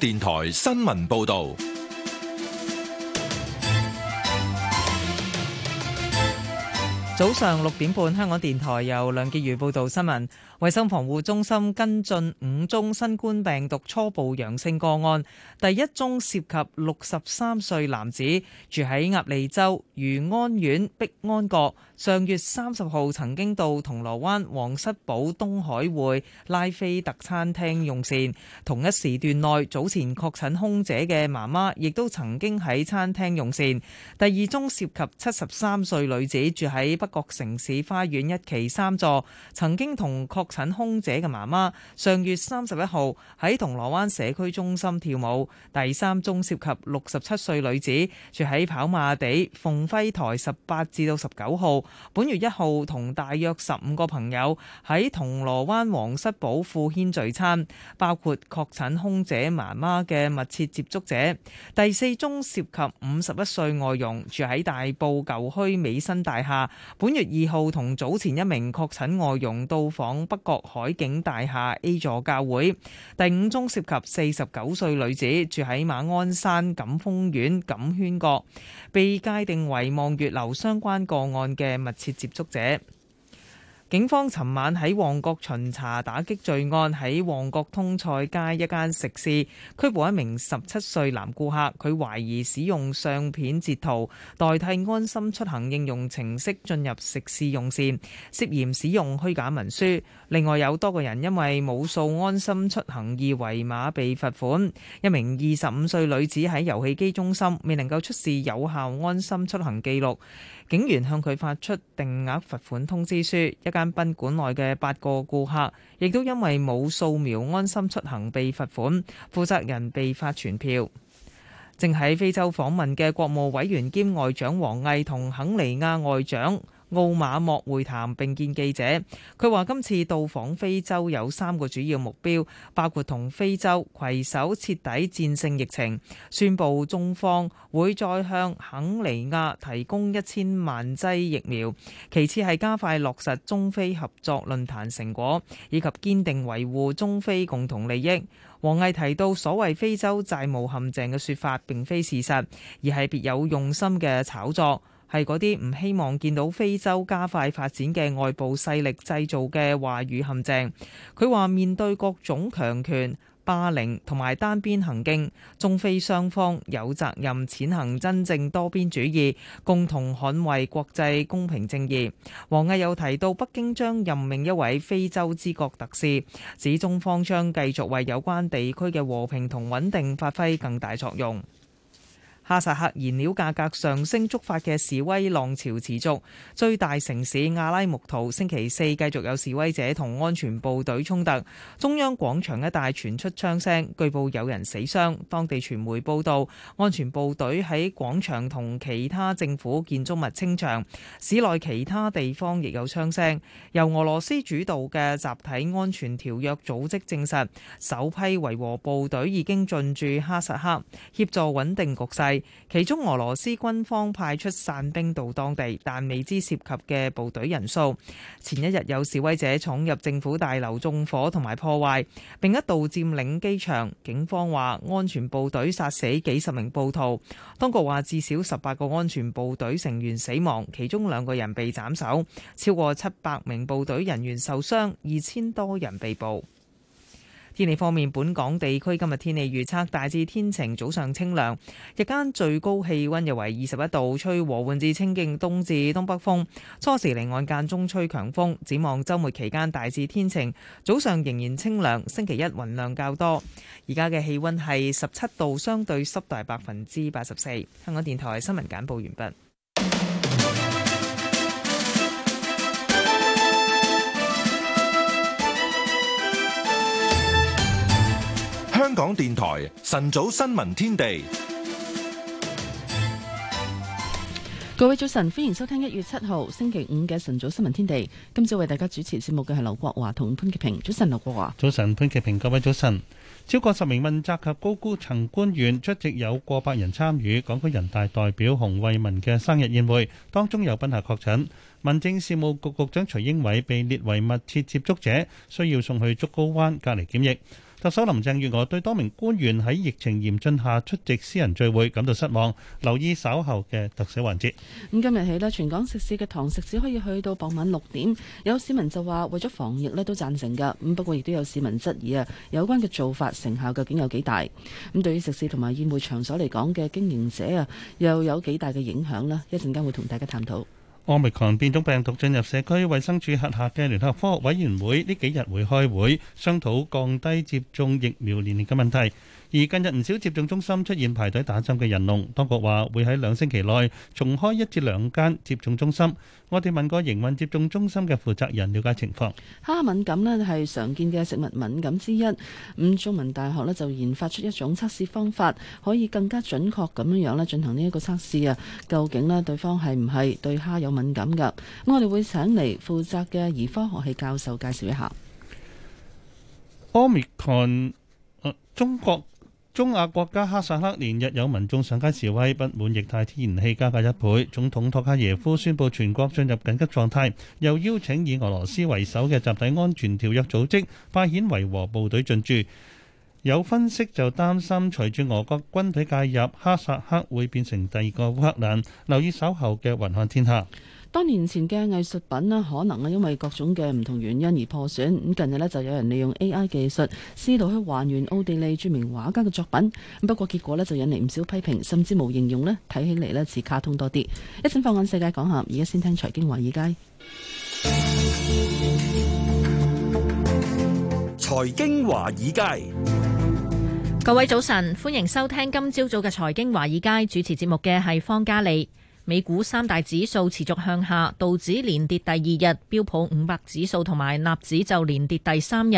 電台新聞報道。早上六點半，香港電台由梁潔如報導新聞。衛生防護中心跟進五宗新冠病毒初步陽性個案，第一宗涉及六十三歲男子，住喺鴨脷洲漁安苑碧安閣，上月三十號曾經到銅鑼灣皇室堡東海匯拉菲特餐廳用膳。同一時段內，早前確診空姐嘅媽媽亦都曾經喺餐廳用膳。第二宗涉及七十三歲女子，住喺北各城市花園一期三座，曾經同確診空姐嘅媽媽上月三十一號喺銅鑼灣社區中心跳舞。第三宗涉及六十七歲女子，住喺跑馬地鳳輝台十八至到十九號，本月一號同大約十五個朋友喺銅鑼灣皇室堡富軒聚餐，包括確診空姐媽媽嘅密切接觸者。第四宗涉及五十一歲外傭，住喺大埔舊墟美新大廈。本月二號同早前一名確診外傭到訪北角海景大廈 A 座教會。第五宗涉及四十九歲女子，住喺馬鞍山錦豐苑錦軒閣，被界定為望月樓相關個案嘅密切接觸者。警方尋晚喺旺角巡查，打擊罪案。喺旺角通菜街一間食肆拘捕一名十七歲男顧客，佢懷疑使用相片截圖代替安心出行應用程式進入食肆用膳，涉嫌使用虛假文書。另外有多個人因為冇掃安心出行二維碼被罰款。一名二十五歲女子喺遊戲機中心未能夠出示有效安心出行記錄。警員向佢發出定額罰款通知書。一間賓館內嘅八個顧客亦都因為冇掃描安心出行被罰款，負責人被發傳票。正喺非洲訪問嘅國務委員兼外長王毅同肯尼亞外長。奧馬莫會談並見記者，佢話今次到訪非洲有三個主要目標，包括同非洲攜手徹底戰勝疫情，宣佈中方會再向肯尼亞提供一千萬劑疫苗；其次係加快落實中非合作論壇成果，以及堅定維護中非共同利益。王毅提到所謂非洲債務陷阱嘅說法並非事實，而係別有用心嘅炒作。係嗰啲唔希望見到非洲加快發展嘅外部勢力製造嘅話語陷阱。佢話面對各種強權霸凌同埋單邊行徑，中非雙方有責任踐行真正多邊主義，共同捍衛國際公平正義。王毅又提到，北京將任命一位非洲之國特使，指中方將繼續為有關地區嘅和平同穩定發揮更大作用。哈薩克燃料價格上升觸發嘅示威浪潮持續，最大城市阿拉木圖星期四繼續有示威者同安全部隊衝突，中央廣場一帶傳出槍聲，據報有人死傷。當地傳媒報道，安全部隊喺廣場同其他政府建築物清場，市內其他地方亦有槍聲。由俄羅斯主導嘅集體安全條約組織證實，首批維和部隊已經進駐哈薩克，協助穩定局勢。其中俄羅斯軍方派出散兵到當地，但未知涉及嘅部隊人數。前一日有示威者闖入政府大樓縱火同埋破壞，並一度佔領機場。警方話安全部隊殺死幾十名暴徒，當局話至少十八個安全部隊成員死亡，其中兩個人被斬首，超過七百名部隊人員受傷，二千多人被捕。天氣方面，本港地區今日天氣預測，大致天晴，早上清涼，日間最高氣溫約為二十一度，吹和緩至清勁東至東北風。初時離岸間中吹強風。展望週末期間大致天晴，早上仍然清涼，星期一雲量較多。而家嘅氣溫係十七度，相對濕度百分之八十四。香港電台新聞簡報完畢。香港電台晨早新聞天地，各位早晨，歡迎收聽一月七號星期五嘅晨早新聞天地。今朝為大家主持節目嘅係劉國華同潘潔平。早晨，劉國華，早晨，潘潔平。各位早晨。超過十名問責及高官層官員出席，有過百人參與港區人大代表洪為民嘅生日宴會，當中有賓客確診，民政事務局局長徐英偉被列為密切接觸者，需要送去竹篙灣隔離檢疫。特首林鄭月娥對多名官員喺疫情嚴峻下出席私人聚會感到失望，留意稍後嘅特寫環節。咁今日起咧，全港食肆嘅堂食只可以去到傍晚六點。有市民就話為咗防疫咧都贊成噶，咁不過亦都有市民質疑啊，有關嘅做法成效究竟有幾大？咁對於食肆同埋宴會場所嚟講嘅經營者啊，又有幾大嘅影響呢？一陣間會同大家探討。Omicron 變種病毒進入社區，衛生署轄下嘅聯合科學委員會呢幾日會開會商討降低接種疫苗年齡嘅問題。而近日唔少接種中心出現排隊打針嘅人龍，當局話會喺兩星期內重開一至兩間接種中心。我哋問過營運接種中心嘅負責人了解情況。蝦敏感呢係常見嘅食物敏感之一，咁中文大學呢就研發出一種測試方法，可以更加準確咁樣樣呢進行呢一個測試啊，究竟呢對方係唔係對蝦有敏感㗎？咁我哋會請嚟負責嘅兒科學系教授介紹一下。Omicron，中國。中亞國家哈薩克連日有民眾上街示威，不滿液態天然氣加價一倍。總統托卡耶夫宣布全國進入緊急狀態，又邀請以俄羅斯為首嘅集體安全條約組織派遣維和部隊進駐。有分析就擔心，隨住俄國軍隊介入，哈薩克會變成第二個烏克蘭。留意稍後嘅《雲漢天下》。多年前嘅藝術品咧，可能啊因為各種嘅唔同原因而破損。咁近日咧就有人利用 AI 技術，試圖去還原奧地利著名畫家嘅作品。不過結果咧就引嚟唔少批評，甚至冇形容咧，睇起嚟咧似卡通多啲。一陣放眼世界講下，而家先聽財經華爾街。財經華爾街，爾街，各位早晨，歡迎收聽今朝早嘅財經華爾街，主持節目嘅係方嘉莉。美股三大指數持續向下，道指連跌第二日，標普五百指數同埋納指就連跌第三日。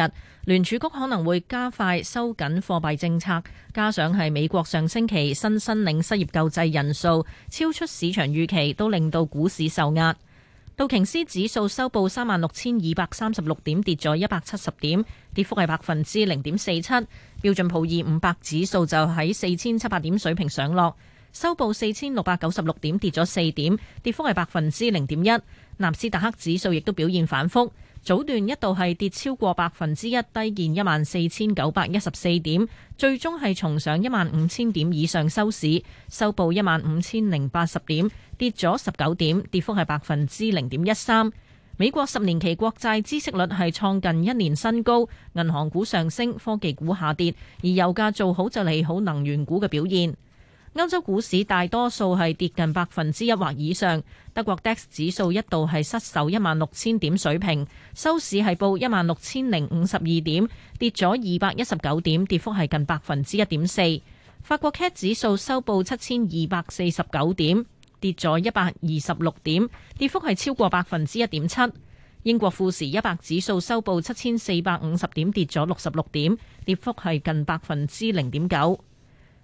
聯儲局可能會加快收緊貨幣政策，加上係美國上星期新申領失業救濟人數超出市場預期，都令到股市受壓。道瓊斯指數收報三萬六千二百三十六點，跌咗一百七十點，跌幅係百分之零點四七。標準普爾五百指數就喺四千七百點水平上落。收報四千六百九十六點，跌咗四點，跌幅係百分之零點一。納斯達克指數亦都表現反覆，早段一度係跌超過百分之一，低見一萬四千九百一十四點，最終係重上一萬五千點以上收市，收報一萬五千零八十點，跌咗十九點，跌幅係百分之零點一三。美國十年期國債孳息率係創近一年新高，銀行股上升，科技股下跌，而油價做好就利好能源股嘅表現。歐洲股市大多數係跌近百分之一或以上，德國 DAX 指數一度係失守一萬六千點水平，收市係報一萬六千零五十二點，跌咗二百一十九點，跌幅係近百分之一點四。法國 CAC 指數收報七千二百四十九點，跌咗一百二十六點，跌幅係超過百分之一點七。英國富時一百指數收報七千四百五十點，跌咗六十六點，跌幅係近百分之零點九。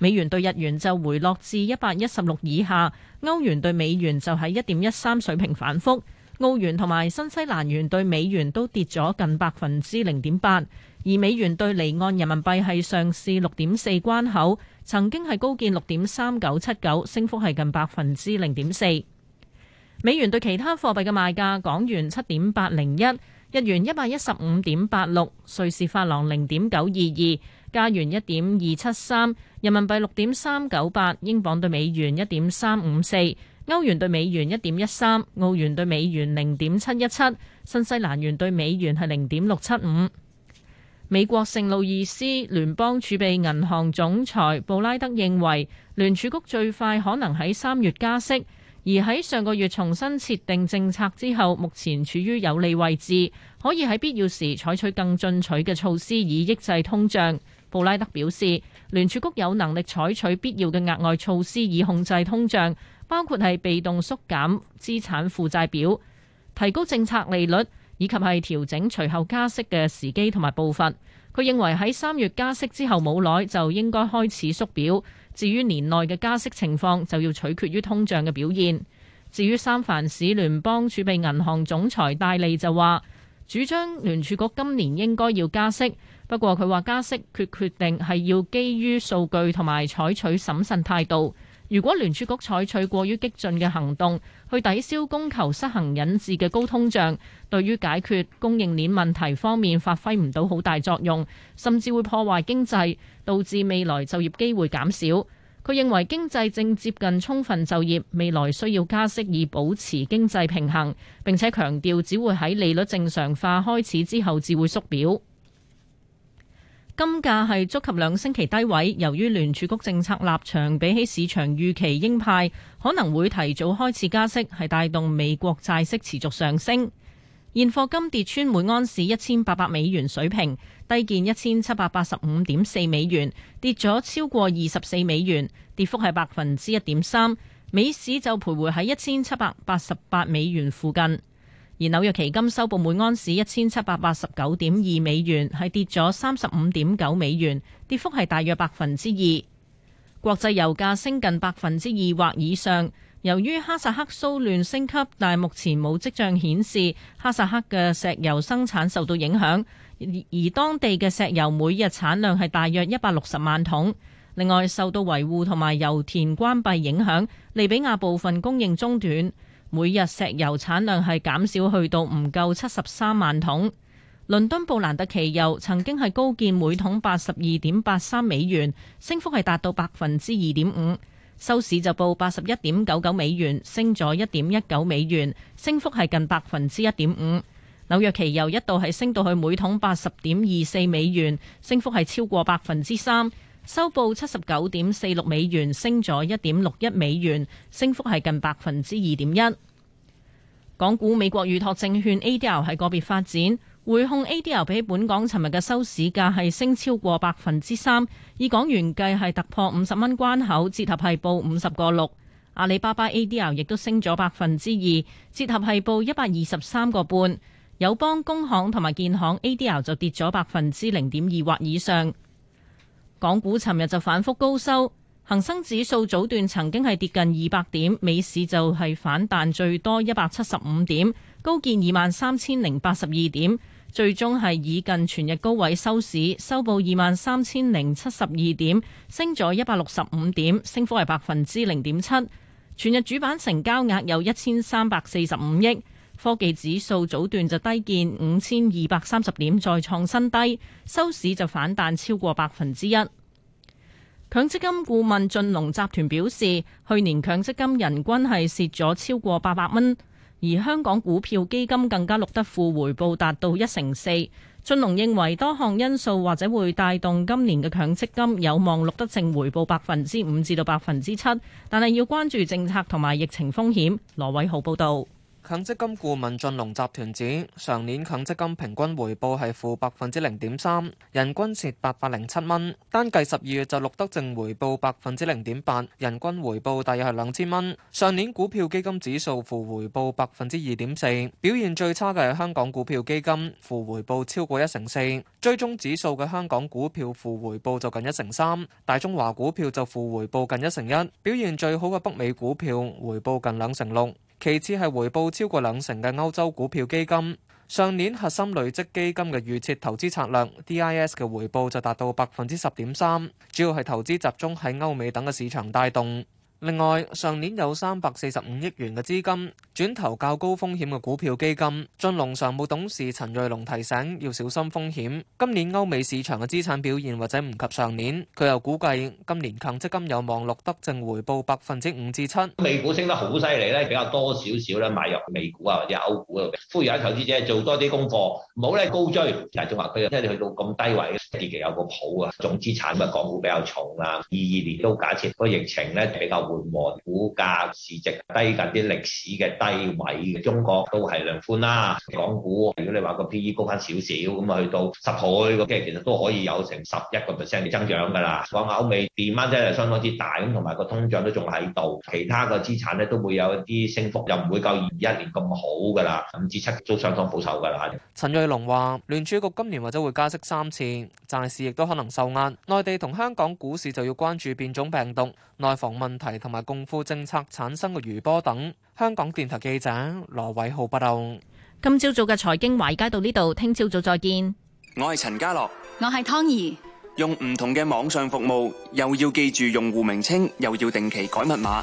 美元兌日元就回落至一百一十六以下，歐元兌美元就喺一點一三水平反覆，澳元同埋新西蘭元兌美元都跌咗近百分之零點八，而美元兌離岸人民幣係上試六點四關口，曾經係高見六點三九七九，升幅係近百分之零點四。美元對其他貨幣嘅賣價，港元七點八零一，日元一百一十五點八六，瑞士法郎零點九二二。加元一點二七三，3，人民幣六點三九八，英鎊對美元一點三五四，歐元對美元一點一三，澳元對美元零點七一七，新西蘭元對美元係零點六七五。美國聖路易斯聯邦儲備銀行總裁布拉德認為，聯儲局最快可能喺三月加息，而喺上個月重新設定政策之後，目前處於有利位置，可以喺必要時採取更進取嘅措施，以抑制通脹。布拉德表示，聯儲局有能力採取必要嘅額外措施，以控制通脹，包括係被動縮減資產負債表、提高政策利率，以及係調整隨後加息嘅時機同埋步伐。佢認為喺三月加息之後冇耐就應該開始縮表，至於年內嘅加息情況就要取決於通脹嘅表現，至於三藩市聯邦儲備銀行總裁戴利就話，主張聯儲局今年應該要加息。不過，佢話加息決決定係要基於數據同埋採取審慎態度。如果聯儲局採取過於激進嘅行動，去抵消供求失衡引致嘅高通脹，對於解決供應鏈問題方面發揮唔到好大作用，甚至會破壞經濟，導致未來就業機會減少。佢認為經濟正接近充分就業，未來需要加息以保持經濟平衡。並且強調，只會喺利率正常化開始之後至會縮表。金價係觸及兩星期低位，由於聯儲局政策立場比起市場預期鷹派，可能會提早開始加息，係帶動美國債息持續上升。現貨金跌穿每安士一千八百美元水平，低見一千七百八十五點四美元，跌咗超過二十四美元，跌幅係百分之一點三。美市就徘徊喺一千七百八十八美元附近。而紐約期金收報每安士一千七百八十九點二美元，係跌咗三十五點九美元，跌幅係大約百分之二。國際油價升近百分之二或以上，由於哈薩克騷亂升級，但係目前冇跡象顯示哈薩克嘅石油生產受到影響，而當地嘅石油每日產量係大約一百六十萬桶。另外，受到維護同埋油田關閉影響，利比亞部分供應中斷。每日石油產量係減少去到唔夠七十三萬桶。倫敦布蘭特期油曾經係高見每桶八十二點八三美元，升幅係達到百分之二點五，收市就報八十一點九九美元，升咗一點一九美元，升幅係近百分之一點五。紐約期油一度係升到去每桶八十點二四美元，升幅係超過百分之三。收報七十九點四六美元，升咗一點六一美元，升幅係近百分之二點一。港股美國預託證券 a d r 係個別發展，匯控 a d r 比起本港尋日嘅收市價係升超過百分之三，以港元計係突破五十蚊關口，折合係報五十個六。阿里巴巴 a d r 亦都升咗百分之二，折合係報一百二十三個半。友邦、工行同埋建行 a d r 就跌咗百分之零點二或以上。港股尋日就反覆高收，恒生指數早段曾經係跌近二百點，尾市就係反彈最多一百七十五點，高見二萬三千零八十二點，最終係以近全日高位收市，收報二萬三千零七十二點，升咗一百六十五點，升幅係百分之零點七，全日主板成交額有一千三百四十五億。科技指數早段就低見五千二百三十點，再創新低，收市就反彈超過百分之一。強積金顧問駿隆集團表示，去年強積金人均係蝕咗超過八百蚊，而香港股票基金更加錄得負回報，達到一成四。駿隆認為多項因素或者會帶動今年嘅強積金有望錄得正回報百分之五至到百分之七，但係要關注政策同埋疫情風險。羅偉豪報導。強積金顧問駿龍集團指，上年強積金平均回報係負百分之零點三，人均蝕八百零七蚊。單計十二月就錄得正回報百分之零點八，人均回報大約係兩千蚊。上年股票基金指數負回報百分之二點四，表現最差嘅係香港股票基金，負回報超過一成四。追蹤指數嘅香港股票負回報就近一成三，大中華股票就負回報近一成一，表現最好嘅北美股票回報近兩成六。其次係回報超過兩成嘅歐洲股票基金，上年核心累積基金嘅預設投資策略 DIS 嘅回報就達到百分之十點三，主要係投資集中喺歐美等嘅市場帶動。另外上年有三百四十五億元嘅資金轉投較高風險嘅股票基金，駿隆常務董事陳瑞龍提醒要小心風險。今年歐美市場嘅資產表現或者唔及上年，佢又估計今年強積金有望錄得正回報百分之五至七。美股升得好犀利咧，比較多少少咧買入美股啊或者歐股，呼籲啲投資者做多啲功課，唔好咧高追。就係中華區即係你去到咁低位，短期 有個譜啊，總資產嘅港股比較重啦。二二年都假設個疫情，咧比較。匯價、股價、市值低近啲歷史嘅低位，嘅中國都係量寬啦。港股如果你話個 P/E 高翻少少咁啊，去到十倍咁嘅，其實都可以有成十一個 percent 嘅增長㗎啦。講下歐美變態真係相當之大，咁同埋個通脹都仲喺度，其他個資產咧都會有一啲升幅，又唔會夠二一年咁好㗎啦，五至七都相當保守㗎啦。陳瑞龍話：聯儲局今年或者會加息三次，債市亦都可能受壓。內地同香港股市就要關注變種病毒、內房問題。同埋共富政策產生嘅餘波等，香港電台記者羅偉浩報道。今朝早嘅財經華爾街到呢度，聽朝早再見。我係陳家樂，我係湯兒。用唔同嘅網上服務，又要記住用戶名稱，又要定期改密碼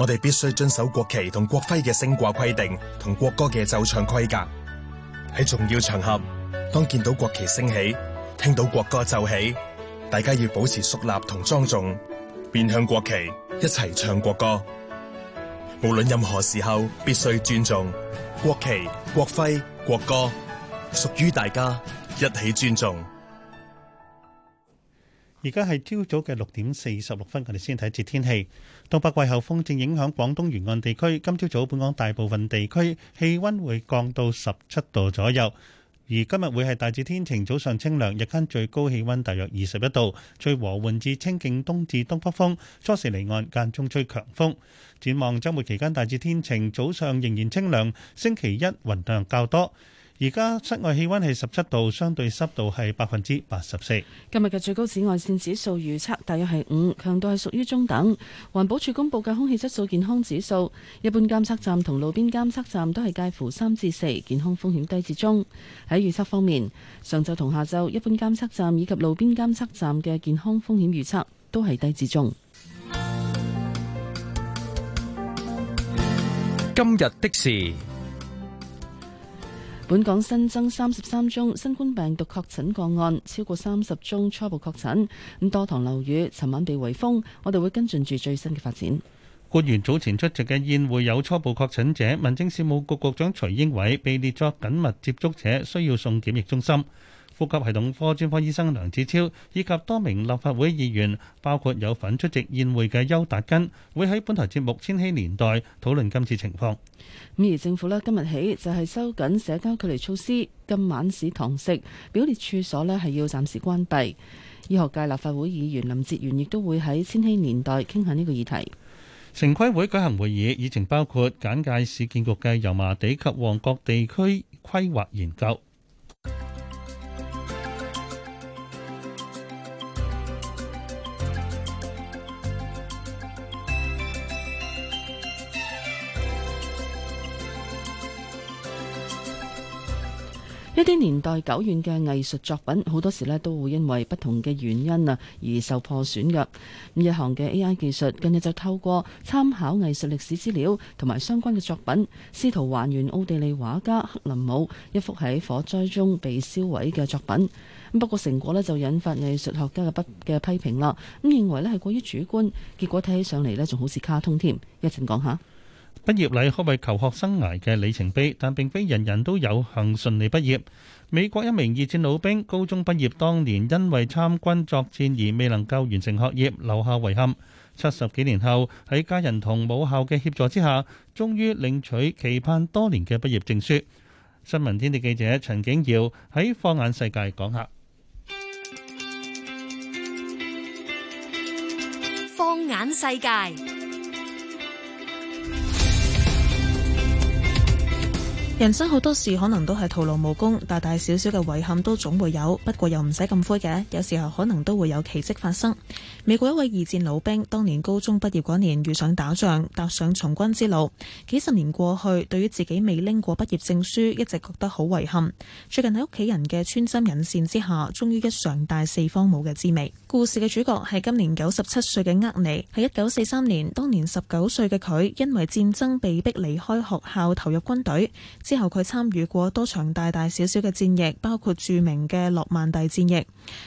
我哋必須遵守國旗同國徽嘅升掛規定，同國歌嘅奏唱規格。喺重要場合，當見到國旗升起，聽到國歌奏起，大家要保持肅立同莊重，面向國旗，一齊唱國歌。無論任何時候，必須尊重國旗、國徽、國歌，屬於大家，一起尊重。而家係朝早嘅六點四十六分，我哋先睇一節天氣。東北季候風正影響廣東沿岸地區，今朝早本港大部分地區氣温會降到十七度左右，而今日會係大致天晴，早上清涼，日間最高氣温大約二十一度，吹和緩至清勁東至東北風，初時離岸間中吹強風。展望周末期間大致天晴，早上仍然清涼，星期一雲量較多。而家室外氣溫係十七度，相對濕度係百分之八十四。今日嘅最高紫外綫指數預測大約係五，強度係屬於中等。環保署公布嘅空氣質素健康指數，一般監測站同路邊監測站都係介乎三至四，健康風險低至中。喺預測方面，上晝同下晝，一般監測站以及路邊監測站嘅健康風險預測都係低至中。今日的事。本港新增三十三宗新冠病毒確診個案，超過三十宗初步確診，咁多幢樓宇，尋晚被圍封，我哋會跟進住最新嘅發展。官員早前出席嘅宴會有初步確診者，民政事務局局長徐英偉被列作緊密接觸者，需要送檢疫中心。呼吸系統科專科醫生梁子超以及多名立法會議員，包括有份出席宴會嘅邱達根，會喺本台節目《千禧年代》討論今次情況。咁而政府咧今日起就係收緊社交距離措施，今晚市堂食表列處所咧係要暫時關閉。醫學界立法會議員林哲玄亦都會喺《千禧年代》傾下呢個議題。城規會舉行會議，議程包括簡介市建局嘅油麻地及旺角地區規劃研究。呢啲年代久遠嘅藝術作品，好多時咧都會因為不同嘅原因啊而受破損嘅。咁日行嘅 AI 技術，近日就透過參考藝術歷史資料同埋相關嘅作品，試圖還原奧地利畫家克林姆一幅喺火災中被燒毀嘅作品。咁不過成果咧就引發藝術學家嘅不嘅批評啦。咁認為咧係過於主觀，結果睇起上嚟，咧仲好似卡通添。講一陣講下。畢業禮可謂求學生涯嘅里程碑，但並非人人都有幸順利畢業。美國一名二戰老兵高中畢業當年，因為參軍作戰而未能夠完成學業，留下遺憾。七十幾年後喺家人同母校嘅協助之下，終於領取期盼多年嘅畢業證書。新聞天地記者陳景堯喺放眼世界講下，放眼世界。人生好多事可能都係徒勞無功，大大小小嘅遺憾都總會有。不過又唔使咁灰嘅，有時候可能都會有奇蹟發生。美國一位二戰老兵，當年高中畢業嗰年遇上打仗，踏上從軍之路。幾十年過去，對於自己未拎過畢業證書，一直覺得好遺憾。最近喺屋企人嘅穿針引線之下，終於一嘗戴四方帽嘅滋味。故事嘅主角係今年九十七歲嘅厄尼，喺一九四三年，當年十九歲嘅佢因為戰爭被逼離,離開學校，投入軍隊。之後佢參與過多場大大小小嘅戰役，包括著名嘅諾曼第戰役。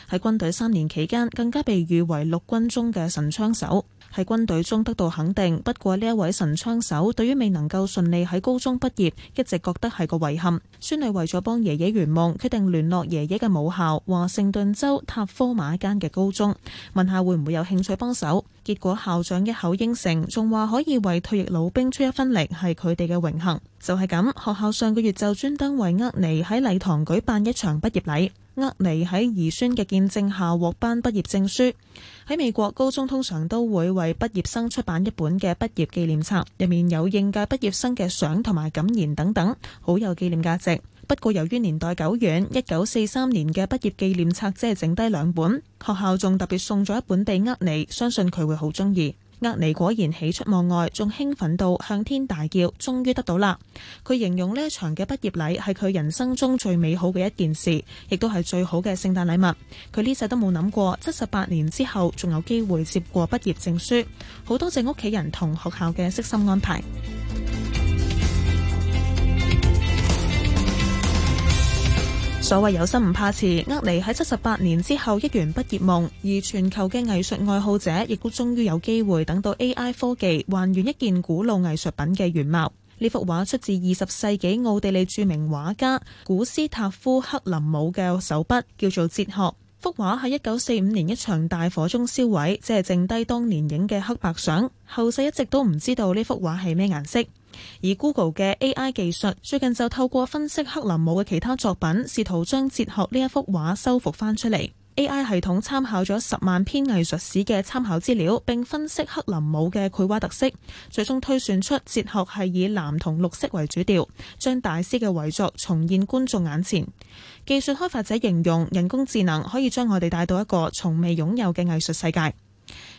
喺軍隊三年期間，更加被譽為陸軍中嘅神槍手。喺軍隊中得到肯定。不過呢一位神槍手對於未能夠順利喺高中畢業，一直覺得係個遺憾。孫女為咗幫爺爺圓夢，決定聯絡爺爺嘅母校華盛頓州塔科馬間嘅高中，問下會唔會有興趣幫手。結果校長一口應承，仲話可以為退役老兵出一分力，係佢哋嘅榮幸。就係咁，學校上個月就專登為厄尼喺禮堂舉辦一場畢業禮。厄尼喺兒孫嘅見證下獲頒畢業證書。喺美國高中通常都會為畢業生出版一本嘅畢業紀念冊，入面有應屆畢業生嘅相同埋感言等等，好有紀念價值。不過由於年代久遠，一九四三年嘅畢業紀念冊只係剩低兩本，學校仲特別送咗一本俾厄尼，相信佢會好中意。厄尼果然喜出望外，仲興奮到向天大叫，終於得到啦！佢形容呢一場嘅畢業禮係佢人生中最美好嘅一件事，亦都係最好嘅聖誕禮物。佢呢世都冇諗過，七十八年之後仲有機會接過畢業證書，好多謝屋企人同學校嘅悉心安排。所謂有心唔怕遲，厄尼喺七十八年之後一圓畢業夢，而全球嘅藝術愛好者亦都終於有機會等到 AI 科技還原一件古老藝術品嘅原貌。呢幅畫出自二十世紀奧地利著名畫家古斯塔夫·克林姆嘅手筆，叫做《哲學》。幅畫喺一九四五年一場大火中燒毀，只係剩低當年影嘅黑白相，後世一直都唔知道呢幅畫係咩顏色。而 Google 嘅 AI 技術最近就透過分析克林姆嘅其他作品，試圖將《哲學》呢一幅畫修復翻出嚟。AI 系統參考咗十萬篇藝術史嘅參考資料，並分析克林姆嘅繪畫特色，最終推算出《哲學》係以藍同綠色為主調，將大師嘅遺作重現觀眾眼前。技術開發者形容人工智能可以將我哋帶到一個從未擁有嘅藝術世界。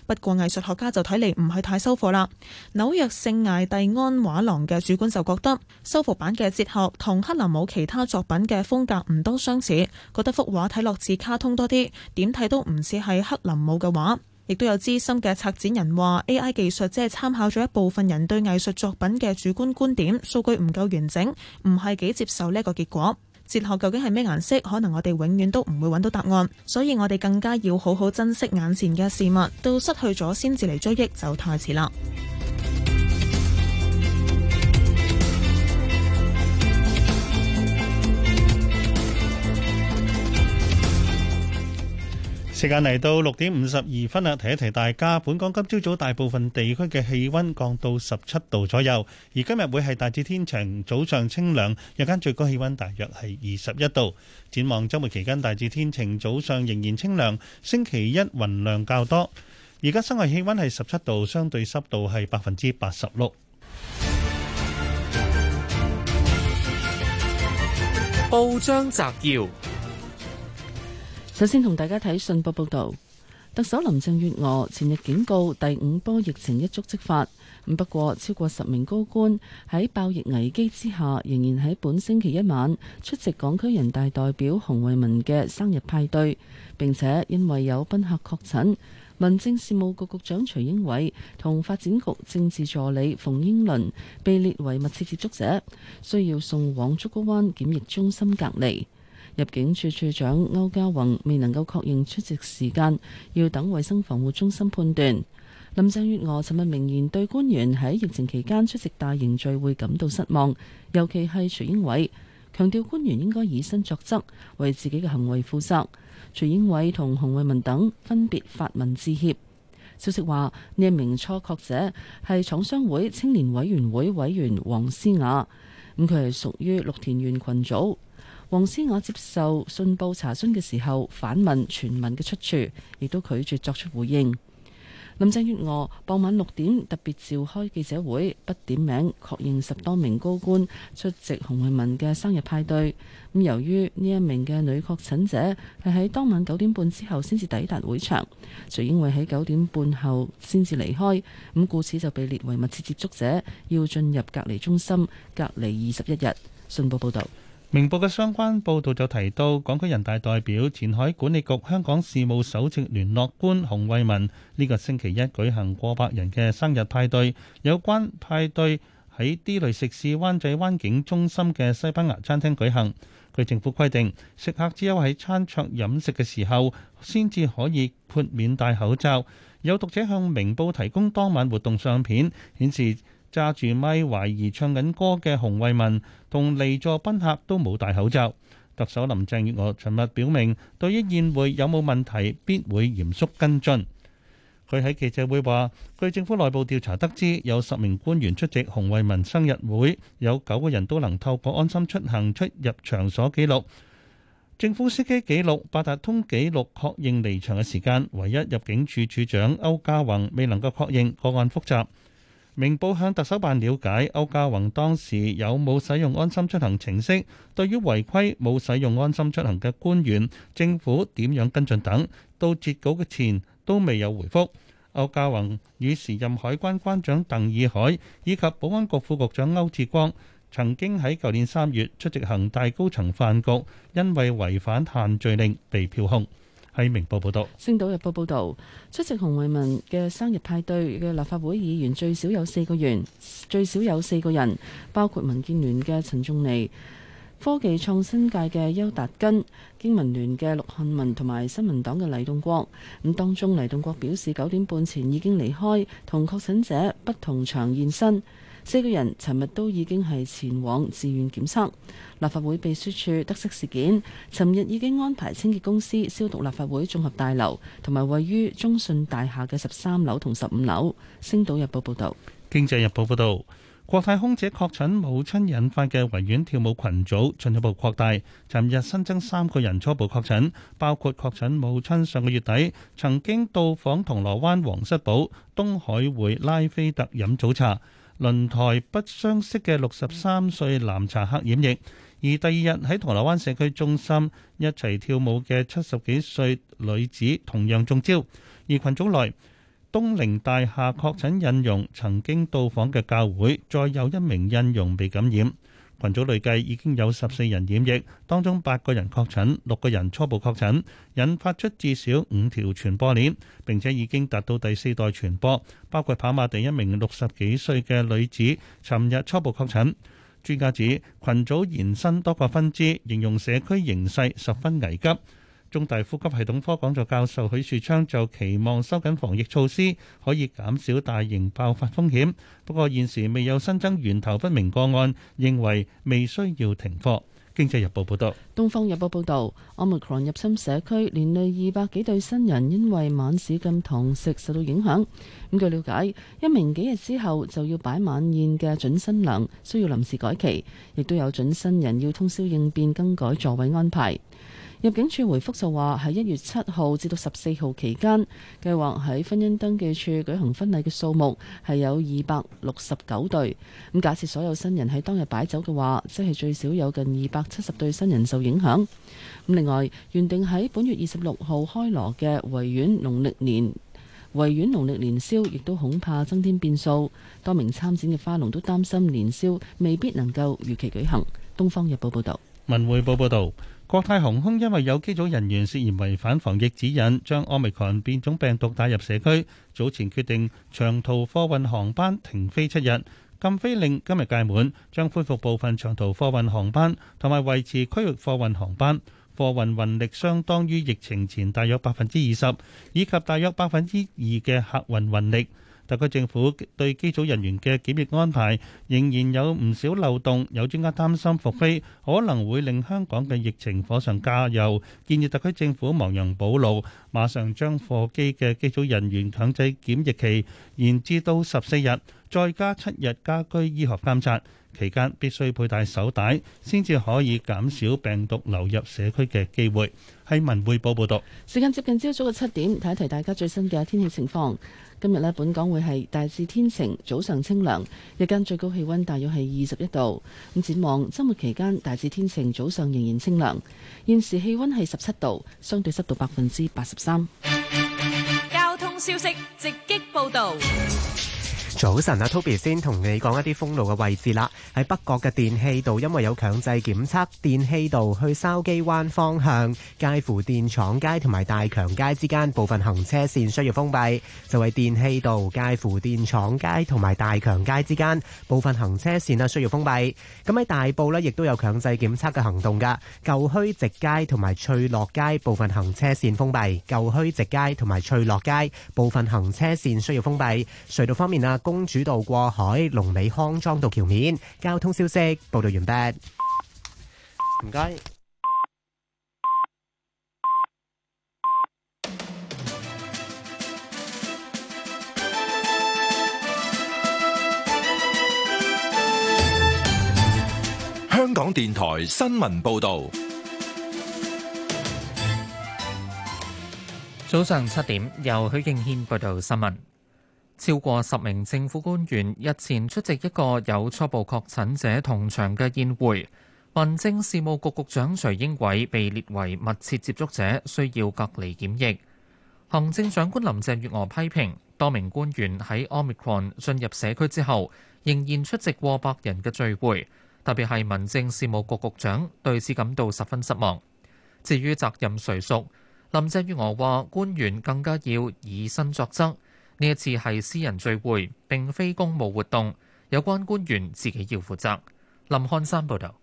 不過，藝術學家就睇嚟唔係太收貨啦。紐約聖艾蒂安畫廊嘅主管就覺得，修復版嘅哲學同克林姆其他作品嘅風格唔多相似，覺得幅畫睇落似卡通多啲，點睇都唔似係克林姆嘅畫。亦都有資深嘅策展人話，A.I. 技術即係參考咗一部分人對藝術作品嘅主觀觀點，數據唔夠完整，唔係幾接受呢個結果。哲學究竟係咩顏色？可能我哋永遠都唔會揾到答案，所以我哋更加要好好珍惜眼前嘅事物，到失去咗先至嚟追憶就太遲啦。時間嚟到六點五十二分啦，提一提大家，本港今朝早大部分地區嘅氣溫降到十七度左右，而今日會係大致天晴，早上清涼，日間最高氣溫大約係二十一度。展望周末期間大致天晴，早上仍然清涼，星期一雲量較多。而家室外氣溫係十七度，相對濕度係百分之八十六。報章摘要。首先同大家睇信報報道。特首林鄭月娥前日警告第五波疫情一觸即發。咁不過，超過十名高官喺爆疫危機之下，仍然喺本星期一晚出席港區人大代表洪為民嘅生日派對。並且因為有賓客確診，民政事務局局，局長徐英偉同發展局政治助理馮英倫被列為密切接觸者，需要送往竹篙灣檢疫中心隔離。入境處處長歐家宏未能夠確認出席時間，要等衛生防護中心判斷。林鄭月娥尋日明言對官員喺疫情期間出席大型聚會感到失望，尤其係徐英偉，強調官員應該以身作則，為自己嘅行為負責。徐英偉同洪為民等分別發文致歉。消息話呢一名初確者係廠商會青年委員會委員黃思雅，咁佢係屬於綠田園群組。黃思雅接受信報查詢嘅時候，反問傳聞嘅出處，亦都拒絕作出回應。林鄭月娥傍晚六點特別召開記者會，不點名確認十多名高官出席洪為民嘅生日派對。咁由於呢一名嘅女確診者係喺當晚九點半之後先至抵達會場，徐英偉喺九點半後先至離開，咁故此就被列為密切接觸者，要進入隔離中心隔離二十一日。信報報道。明報嘅相關報導就提到，港區人大代表、前海管理局香港事務首席聯絡官洪為民呢、這個星期一舉行過百人嘅生日派對，有關派對喺 D 類食肆灣仔灣景中心嘅西班牙餐廳舉行。據政府規定，食客只有喺餐桌飲食嘅時候，先至可以豁免戴口罩。有讀者向明報提供當晚活動相片，顯示，揸住咪懷疑唱緊歌嘅洪為民同離座賓客都冇戴口罩。特首林鄭月娥尋日表明，對於宴會有冇問題，必會嚴肅跟進。佢喺記者會話，據政府內部調查得知，有十名官員出席洪為民生日會，有九個人都能透過安心出行出入場所記錄，政府司機記錄、八達通記錄確認離場嘅時間。唯一入境處處,處長區嘉宏未能夠確認個案複雜。明報向特首辦了解歐家榮當時有冇使用安心出行程式？對於違規冇使用安心出行嘅官員，政府點樣跟進？等到截稿嘅前都未有回覆。歐家榮與時任海關關長鄧以海以及保安局副局長歐志光曾經喺舊年三月出席恒大高層飯局，因為違反限聚令被票控。喺明報報道，《星島日報》報道出席洪為民嘅生日派對嘅立法會議員最少有四個員，最少有四個人，包括民建聯嘅陳仲尼、科技創新界嘅邱達根、經民聯嘅陸瀚民同埋新民黨嘅黎棟國。咁當中黎棟國表示九點半前已經離開，同確診者不同場現身。四個人尋日都已經係前往自願檢測。立法會秘書處得悉事件，尋日已經安排清潔公司消毒立法會綜合大樓同埋位於中信大廈嘅十三樓同十五樓。星島日報報道。《經濟日報》報道，國泰空姐確診母親引發嘅維園跳舞群組進一步擴大，尋日新增三個人初步確診，包括確診母親上個月底曾經到訪銅鑼灣皇室堡東海會拉菲特飲早茶，鄰台不相識嘅六十三歲男茶客染疫，而第二日喺銅鑼灣社區中心一齊跳舞嘅七十幾歲女子同樣中招，而群組內東寧大廈確診印傭曾經到訪嘅教會，再有一名印傭被感染。群組累計已經有十四人染疫，當中八個人確診，六個人初步確診，引發出至少五條傳播鏈，並且已經達到第四代傳播，包括跑馬地一名六十幾歲嘅女子，尋日初步確診。專家指群組延伸多個分支，形容社區形勢十分危急。中大呼吸系統科講座教授許樹昌就期望收緊防疫措施，可以減少大型爆發風險。不過現時未有新增源頭不明個案，認為未需要停課。經濟日報報道，東方日報報道，Omicron 入侵社區，連累二百幾對新人因為晚市禁堂食受到影響。咁據了解，一名幾日之後就要擺晚宴嘅準新娘需要臨時改期，亦都有準新人要通宵應變更改座位安排。入境處回覆就話：喺一月七號至到十四號期間，計劃喺婚姻登記處舉行婚禮嘅數目係有二百六十九對。咁假設所有新人喺當日擺酒嘅話，即係最少有近二百七十對新人受影響。咁另外，原定喺本月二十六號開鑼嘅維園農曆年維園農曆年宵，亦都恐怕增添變數。多名參展嘅花農都擔心年宵未必能夠如期舉行。《東方日報》報道。《文匯報》報道。國泰航空因為有機組人員涉嫌違反防疫指引，將奧密克戎變種病毒帶入社區，早前決定長途貨運航班停飛七日，禁飛令今日屆滿，將恢復部分長途貨運航，航班，同埋維持區域貨運航班，貨運運力相當於疫情前大約百分之二十，以及大約百分之二嘅客運運力。特區政府對機組人員嘅檢疫安排仍然有唔少漏洞，有專家擔心復飛可能會令香港嘅疫情火上加油，建議特區政府亡羊補牢，馬上將貨機嘅機組人員強制檢疫期延至到十四日，再加七日家居醫學監察期間必須佩戴手帶，先至可以減少病毒流入社區嘅機會。係文匯報報道。時間接近朝早嘅七點，睇一睇大家最新嘅天氣情況。今日呢，本港會係大致天晴，早上清涼，日間最高氣溫大約係二十一度。咁展望周末期間，大致天晴，早上仍然清涼。現時氣溫係十七度，相對濕度百分之八十三。交通消息，直擊報道。早晨啊，Toby 先同你講一啲封路嘅位置啦。喺北角嘅電氣道，因為有強制檢測，電氣道去筲箕灣方向、介乎電廠街同埋大強街之間部分行車線需要封閉，就係電氣道介乎電廠街同埋大強街之間部分行車線啊需要封閉。咁喺大埔咧，亦都有強制檢測嘅行動噶，舊墟直街同埋翠樂街部分行車線封閉，舊墟直街同埋翠樂街部分行車線需要封閉。隧道方面啊，公公主道過海，龍尾康莊道橋面。交通消息報道完畢。唔該。香港電台新聞報道。早上七點，由許敬軒報道新聞。超過十名政府官員日前出席一個有初步確診者同場嘅宴會，民政事務局局長徐英偉被列為密切接觸者，需要隔離檢疫。行政長官林鄭月娥批評多名官員喺 Omicron 進入社區之後，仍然出席過百人嘅聚會，特別係民政事務局局長對此感到十分失望。至於責任誰屬，林鄭月娥話官員更加要以身作則。呢一次係私人聚會，並非公務活動。有關官員自己要負責。林漢山報導。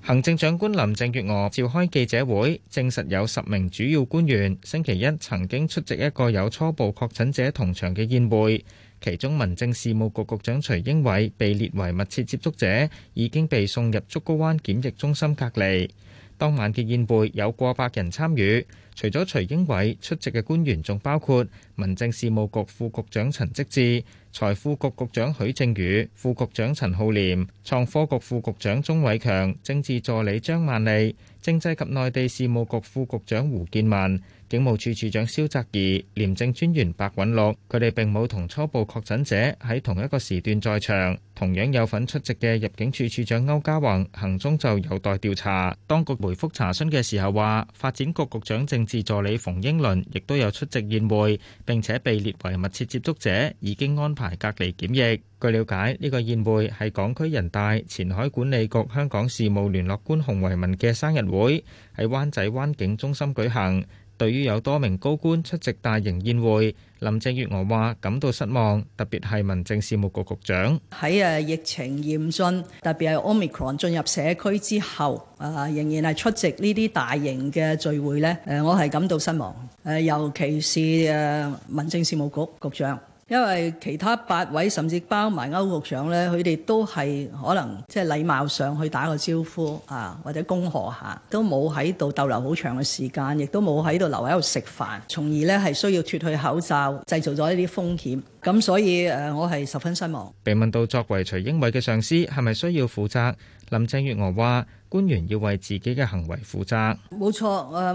行政長官林鄭月娥召開記者會，證實有十名主要官員星期一曾經出席一個有初步確診者同場嘅宴會，其中民政事務局局長徐英偉被列為密切接觸者，已經被送入竹篙灣檢疫中心隔離。當晚嘅宴會有過百人參與。除咗徐英偉出席嘅官員，仲包括民政事務局副局長陳積志、財富局局長許正宇、副局長陳浩濂、創科局副局長鍾偉強、政治助理張曼莉、政制及內地事務局副局長胡建文。警務處處長蕭澤頤、廉政專員白韞六，佢哋並冇同初步確診者喺同一個時段在場。同樣有份出席嘅入境處處長歐家宏，行蹤就有待調查。當局回覆查詢嘅時候話，發展局局長政治助理馮英倫亦都有出席宴會，並且被列為密切接觸者，已經安排隔離檢疫。據了解，呢個宴會係港區人大前海管理局香港事務聯絡官洪為民嘅生日會，喺灣仔灣景中心舉行。對於有多名高官出席大型宴會，林鄭月娥話感到失望，特別係民政事務局局長。喺誒疫情嚴峻，特別係 Omicron 進入社區之後，啊仍然係出席呢啲大型嘅聚會咧，誒我係感到失望，誒尤其是誒民政事務局局長。因為其他八位，甚至包埋歐局長咧，佢哋都係可能即係禮貌上去打個招呼啊，或者恭賀下，都冇喺度逗留好長嘅時間，亦都冇喺度留喺度食飯，從而咧係需要脫去口罩，製造咗一啲風險。咁所以誒，我係十分失望。被問到作為徐英偉嘅上司係咪需要負責，林鄭月娥話：官員要為自己嘅行為負責。冇錯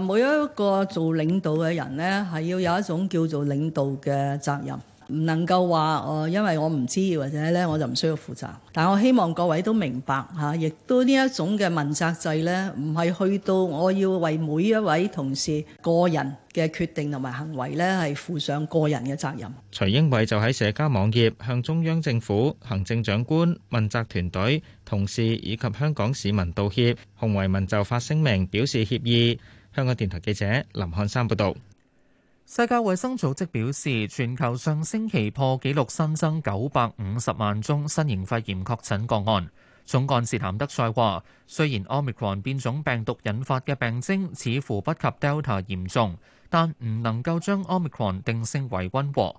誒，每一個做領導嘅人呢，係要有一種叫做領導嘅責任。唔能夠話誒，因為我唔知或者咧，我就唔需要負責。但我希望各位都明白嚇，亦都呢一種嘅問責制咧，唔係去到我要為每一位同事個人嘅決定同埋行為咧，係負上個人嘅責任。徐英偉就喺社交網頁向中央政府、行政長官問責團隊同事以及香港市民道歉。洪為民就發聲明表示歉意。香港電台記者林漢山報道。世界衛生組織表示，全球上星期破紀錄新增九百五十萬宗新型肺炎確診個案。總幹事譚德塞話，雖然 Omicron 變種病毒引發嘅病徵似乎不及 Delta 嚴重，但唔能夠將 Omicron 定性為溫和。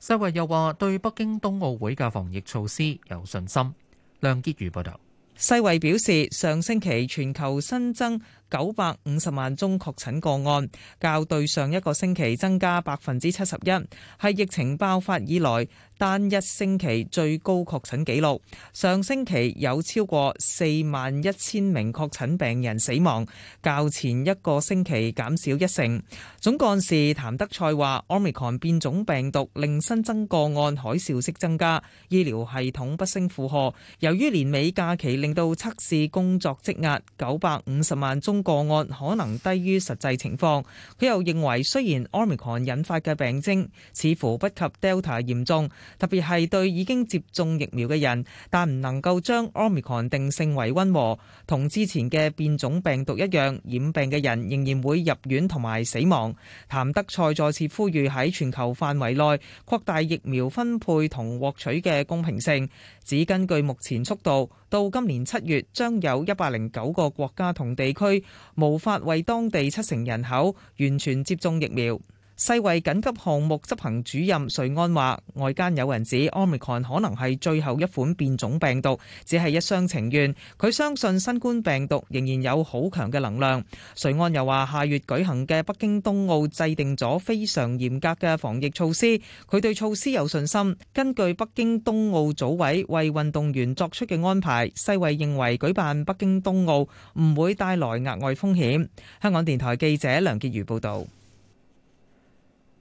世衛又話對北京冬奧會嘅防疫措施有信心。梁潔如報導。世衛表示，上星期全球新增九百五十萬宗確診個案，較對上一個星期增加百分之七十一，係疫情爆發以來單一星期最高確診紀錄。上星期有超過四萬一千名確診病人死亡，較前一個星期減少一成。總幹事譚德塞話，奧密 o n 變種病毒令新增個案海嘯式增加，醫療系統不升負荷。由於年尾假期令到測試工作積壓，九百五十萬宗。個案可能低於實際情況。佢又認為，雖然 omicron 引發嘅病徵似乎不及 delta 嚴重，特別係對已經接種疫苗嘅人，但唔能夠將 omicron 定性為溫和。同之前嘅變種病毒一樣，染病嘅人仍然會入院同埋死亡。譚德塞再次呼籲喺全球範圍內擴大疫苗分配同獲取嘅公平性。只根據目前速度，到今年七月將有一百零九個國家同地區無法為當地七成人口完全接種疫苗。世衛緊急項目執行主任瑞安話，外間有人指 Omicron 可能係最後一款變種病毒，只係一廂情願。佢相信新冠病毒仍然有好強嘅能量。瑞安又話，下月舉行嘅北京冬奧制定咗非常嚴格嘅防疫措施，佢對措施有信心。根據北京冬奧組委為運動員作出嘅安排，世衛認為舉辦北京冬奧唔會帶來額外風險。香港電台記者梁潔如報道。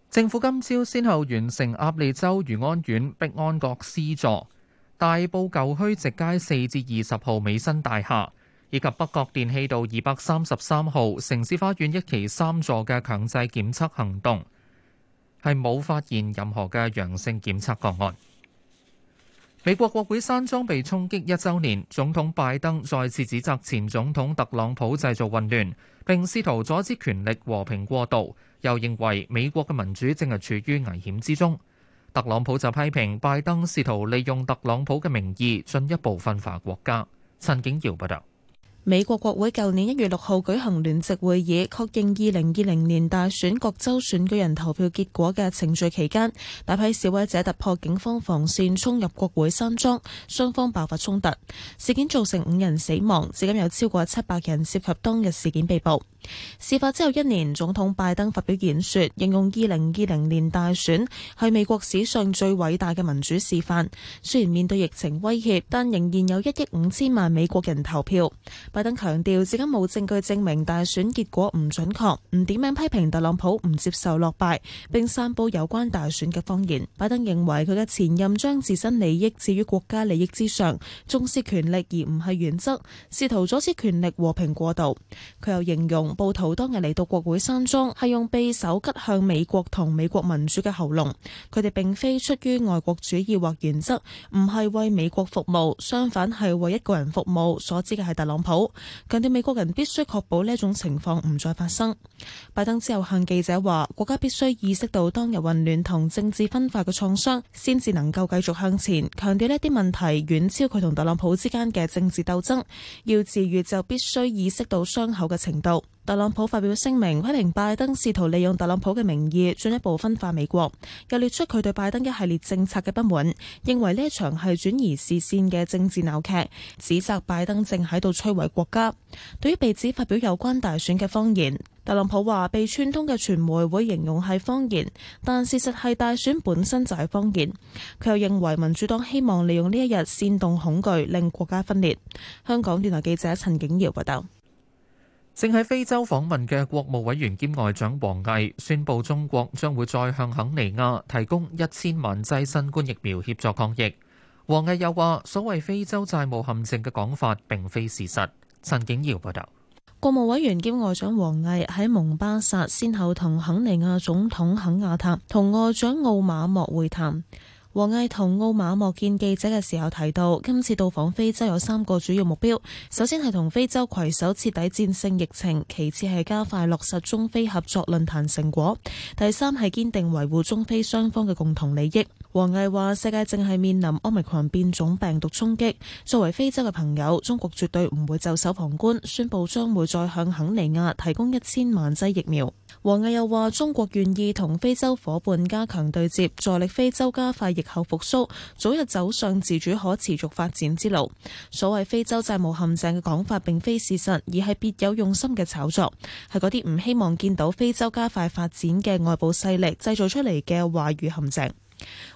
政府今朝先後完成鴨脷洲漁安苑碧安閣 C 座、大埔舊墟直街四至二十號美新大廈以及北角電氣道二百三十三號城市花園一期三座嘅強制檢測行動，係冇發現任何嘅陽性檢測個案。美國國會山莊被衝擊一周年，總統拜登再次指責前總統特朗普製造混亂，並試圖阻止權力和平過渡，又認為美國嘅民主正係處於危險之中。特朗普就批評拜登試圖利用特朗普嘅名義進一步分化國家。陳景耀報道。美國國會舊年一月六號舉行聯席會議，確認二零二零年大選各州選舉人投票結果嘅程序期間，大批示威者突破警方防線，衝入國會山莊，雙方爆發衝突。事件造成五人死亡，至今有超過七百人涉及當日事件被捕。事發之後一年，總統拜登發表演說，形容二零二零年大選係美國史上最偉大嘅民主示範。雖然面對疫情威脅，但仍然有一億五千萬美國人投票。拜登強調自己冇證據證明大選結果唔準確，唔點名批評特朗普唔接受落敗，並散布有關大選嘅謊言。拜登認為佢嘅前任將自身利益置於國家利益之上，重視權力而唔係原則，試圖阻止權力和平過渡。佢又形容暴徒當日嚟到國會山莊係用匕首拮向美國同美國民主嘅喉嚨，佢哋並非出於愛國主義或原則，唔係為美國服務，相反係為一個人服務，所指嘅係特朗普。強調美國人必須確保呢種情況唔再發生。拜登之後向記者話：國家必須意識到當日混亂同政治分化嘅創傷，先至能夠繼續向前。強調呢啲問題遠超佢同特朗普之間嘅政治鬥爭。要治癒就必須意識到傷口嘅程度。特朗普發表聲明批評拜登試圖利用特朗普嘅名義進一步分化美國，又列出佢對拜登一系列政策嘅不滿，認為呢場係轉移視線嘅政治鬧劇，指責拜登正喺度摧毀國家。對於被指發表有關大選嘅謊言，特朗普話被串通嘅傳媒會形容係謊言，但事實係大選本身就係謊言。佢又認為民主黨希望利用呢一日煽動恐懼，令國家分裂。香港電台記者陳景堯報道。正喺非洲訪問嘅國務委員兼外長王毅宣布，中國將會再向肯尼亞提供一千萬劑新冠疫苗協助抗疫。王毅又話：所謂非洲債務陷阱嘅講法並非事實。陳景耀報道，國務委員兼外長王毅喺蒙巴薩先後同肯尼亞總統肯亞塔同外長奧馬莫會談。王毅同奧馬莫見記者嘅時候提到，今次到訪非洲有三個主要目標：首先係同非洲攜手徹底戰勝疫情；其次係加快落實中非合作論壇成果；第三係堅定維護中非雙方嘅共同利益。王毅話：世界正係面臨奧密克戎變種病毒衝擊，作為非洲嘅朋友，中國絕對唔會袖手旁觀，宣布將會再向肯尼亞提供一千萬劑疫苗。王毅又話：中國願意同非洲夥伴加強對接，助力非洲加快疫後復甦，早日走上自主可持續發展之路。所謂非洲債務陷阱嘅講法並非事實，而係別有用心嘅炒作，係嗰啲唔希望見到非洲加快發展嘅外部勢力製造出嚟嘅話語陷阱。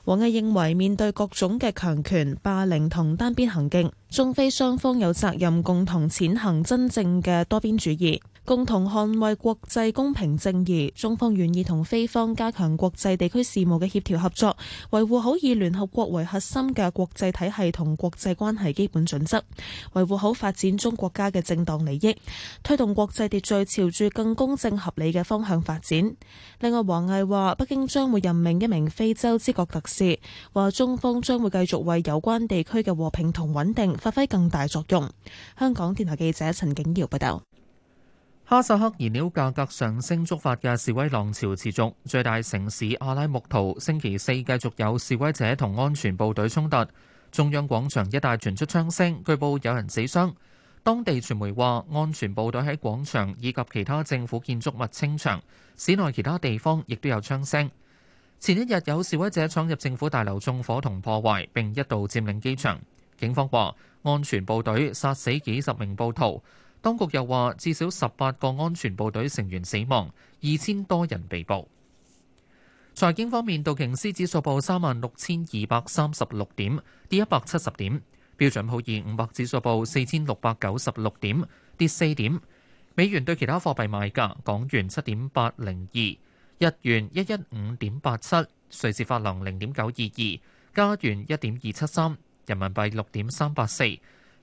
王毅認為，面對各種嘅強權霸凌同單邊行徑，中非雙方有責任共同踐行真正嘅多邊主義，共同捍衛國際公平正義，中方願意同非方加強國際地區事務嘅協調合作，維護好以聯合國為核心嘅國際體系同國際關係基本準則，維護好發展中國家嘅正當利益，推動國際秩序朝住更公正合理嘅方向發展。另外，王毅話：北京將會任命一名非洲之國特使，話中方將會繼續為有關地區嘅和平同穩定發揮更大作用。香港電台記者陳景耀報道。哈薩克燃料價格上升觸發嘅示威浪潮持續，最大城市阿拉木圖星期四繼續有示威者同安全部隊衝突，中央廣場一大傳出槍聲，據報有人死傷。當地傳媒話，安全部隊喺廣場以及其他政府建築物清場，市內其他地方亦都有槍聲。前一日有示威者闖入政府大樓縱火同破壞，並一度佔領機場。警方話，安全部隊殺死幾十名暴徒。當局又話，至少十八個安全部隊成員死亡，二千多人被捕。財經方面，道瓊斯指數報三萬六千二百三十六點，跌一百七十點；標準普爾五百指數報四千六百九十六點，跌四點。美元對其他貨幣賣價：港元七點八零二，日元一一五點八七，瑞士法郎零點九二二，加元一點二七三，人民幣六點三八四。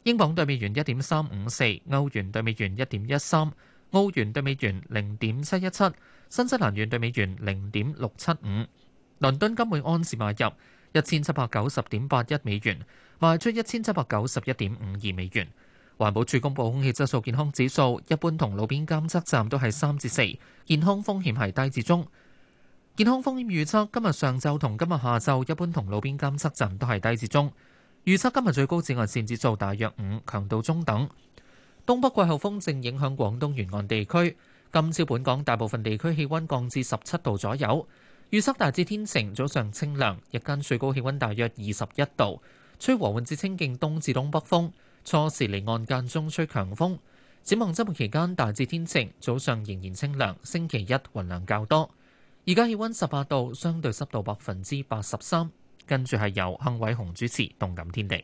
英鎊兌美元一點三五四，歐元兌美元一點一三，澳元兌美元零點七一七，新西蘭元兌美元零點六七五。倫敦金每盎司買入一千七百九十點八一美元，賣出一千七百九十一點五二美元。環保署公布空氣質素健康指數，一般同路邊監測站都係三至四，健康風險係低至中。健康風險預測，今日上晝同今日下晝，一般同路邊監測站都係低至中。預測今日最高紫外線指數大約五，強度中等。東北季候風正影響廣東沿岸地區。今朝本港大部分地區氣溫降至十七度左右。預測大致天晴，早上清涼，日間最高氣溫大約二十一度，吹和緩至清勁東至東北風，初時離岸間中吹強風。展望周末期間大致天晴，早上仍然清涼。星期一雲量較多。而家氣溫十八度，相對濕度百分之八十三。跟住係由幸偉雄主持《動感天地》。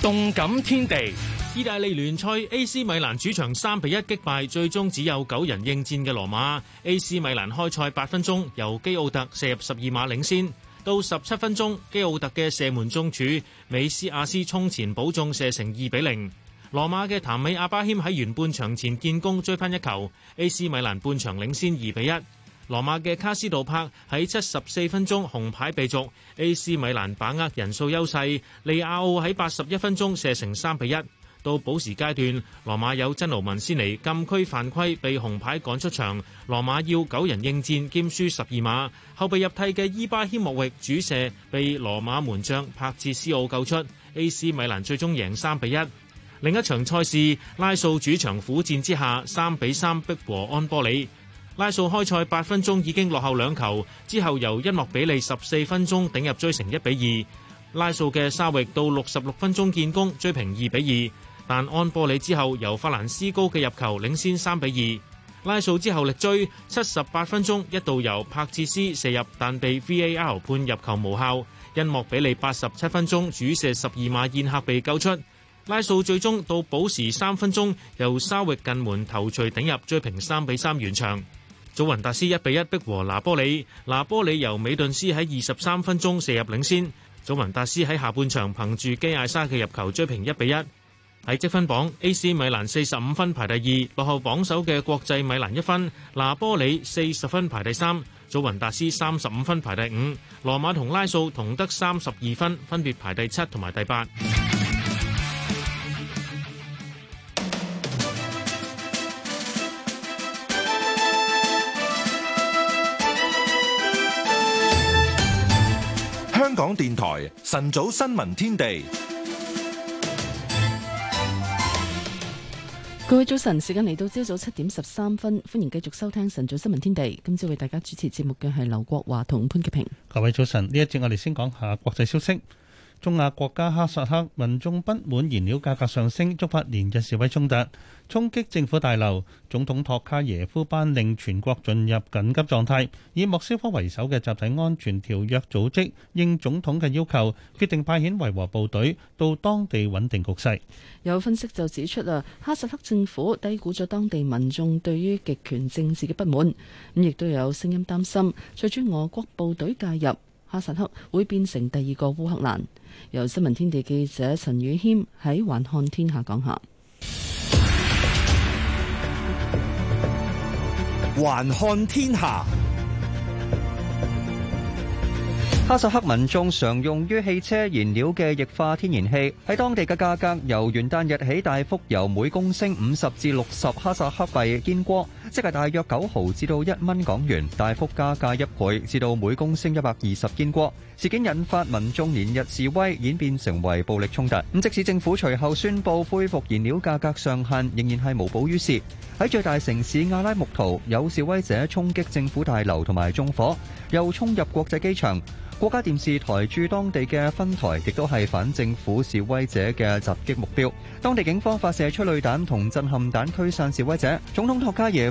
《動感天地》 意大利聯賽 A.C. 米蘭主場三比一擊敗最終只有九人應戰嘅羅馬。A.C. 米蘭開賽八分鐘由基奧特射入十二碼領先，到十七分鐘基奧特嘅射門中柱，美斯亞斯衝前補中射成二比零。羅馬嘅譚美阿巴謙喺完半場前建功追翻一球，A.C. 米蘭半場領先二比一。羅馬嘅卡斯杜帕喺七十四分鐘紅牌被逐，AC 米蘭把握人數優勢，利亞奧喺八十一分鐘射成三比一。到補時階段，羅馬有真勞文斯尼禁區犯規被紅牌趕出場，羅馬要九人應戰兼輸十二碼。後備入替嘅伊巴希莫域主射被羅馬門將帕切斯奧救出，AC 米蘭最終贏三比一。另一場賽事，拉素主場苦戰之下三比三逼和安波里。拉素開賽八分鐘已經落後兩球，之後由恩莫比利十四分鐘頂入追成一比二。拉素嘅沙域到六十六分鐘建功追平二比二，但安波里之後由法蘭斯高嘅入球領先三比二。拉素之後力追，七十八分鐘一度由帕切斯射入，但被 VAR 判入球無效。恩莫比利八十七分鐘主射十二碼宴客被救出，拉素最終到補時三分鐘由沙域近門頭槌頂入追平三比三完場。祖雲達斯一比一逼和拿波里，拿波里由美頓斯喺二十三分鐘射入領先，祖雲達斯喺下半場憑住基艾沙嘅入球追平一比一。喺積分榜，A.C. 米蘭四十五分排第二，落後榜首嘅國際米蘭一分；拿波里四十分排第三，祖雲達斯三十五分排第五，羅馬同拉素同得三十二分，分別排第七同埋第八。香港電台晨早新聞天地，各位早晨，時間嚟到朝早七點十三分，歡迎繼續收聽晨早新聞天地。今朝為大家主持節目嘅係劉國華同潘潔平。各位早晨，呢一節我哋先講下國際消息。中亞國家哈薩克民眾不滿燃料價格上升，觸發連日示威衝突，衝擊政府大樓。總統托卡耶夫頒令全國進入緊急狀態，以莫斯科為首嘅集體安全條約組織應總統嘅要求，決定派遣維和部隊到當地穩定局勢。有分析就指出啊，哈薩克政府低估咗當地民眾對於極權政治嘅不滿，咁亦都有聲音擔心最終俄國部隊介入。哈薩克會變成第二個烏克蘭，由新聞天地記者陳宇謙喺《環看天下》講下。《環看天下》，哈薩克民眾常用於汽車燃料嘅液化天然氣喺當地嘅價格由元旦日起大幅，由每公升五十至六十哈薩克幣見過。即係大約九毫至到一蚊港元，大幅加價一倍，至到每公升一百二十堅戈。事件引發民眾連日示威，演變成為暴力衝突。咁即使政府隨後宣布恢復燃料價格上限，仍然係無補於事。喺最大城市阿拉木圖，有示威者衝擊政府大樓同埋縱火，又衝入國際機場。國家電視台駐當地嘅分台亦都係反政府示威者嘅襲擊目標。當地警方發射催淚彈同震撼彈驅散示威者。總統托卡耶。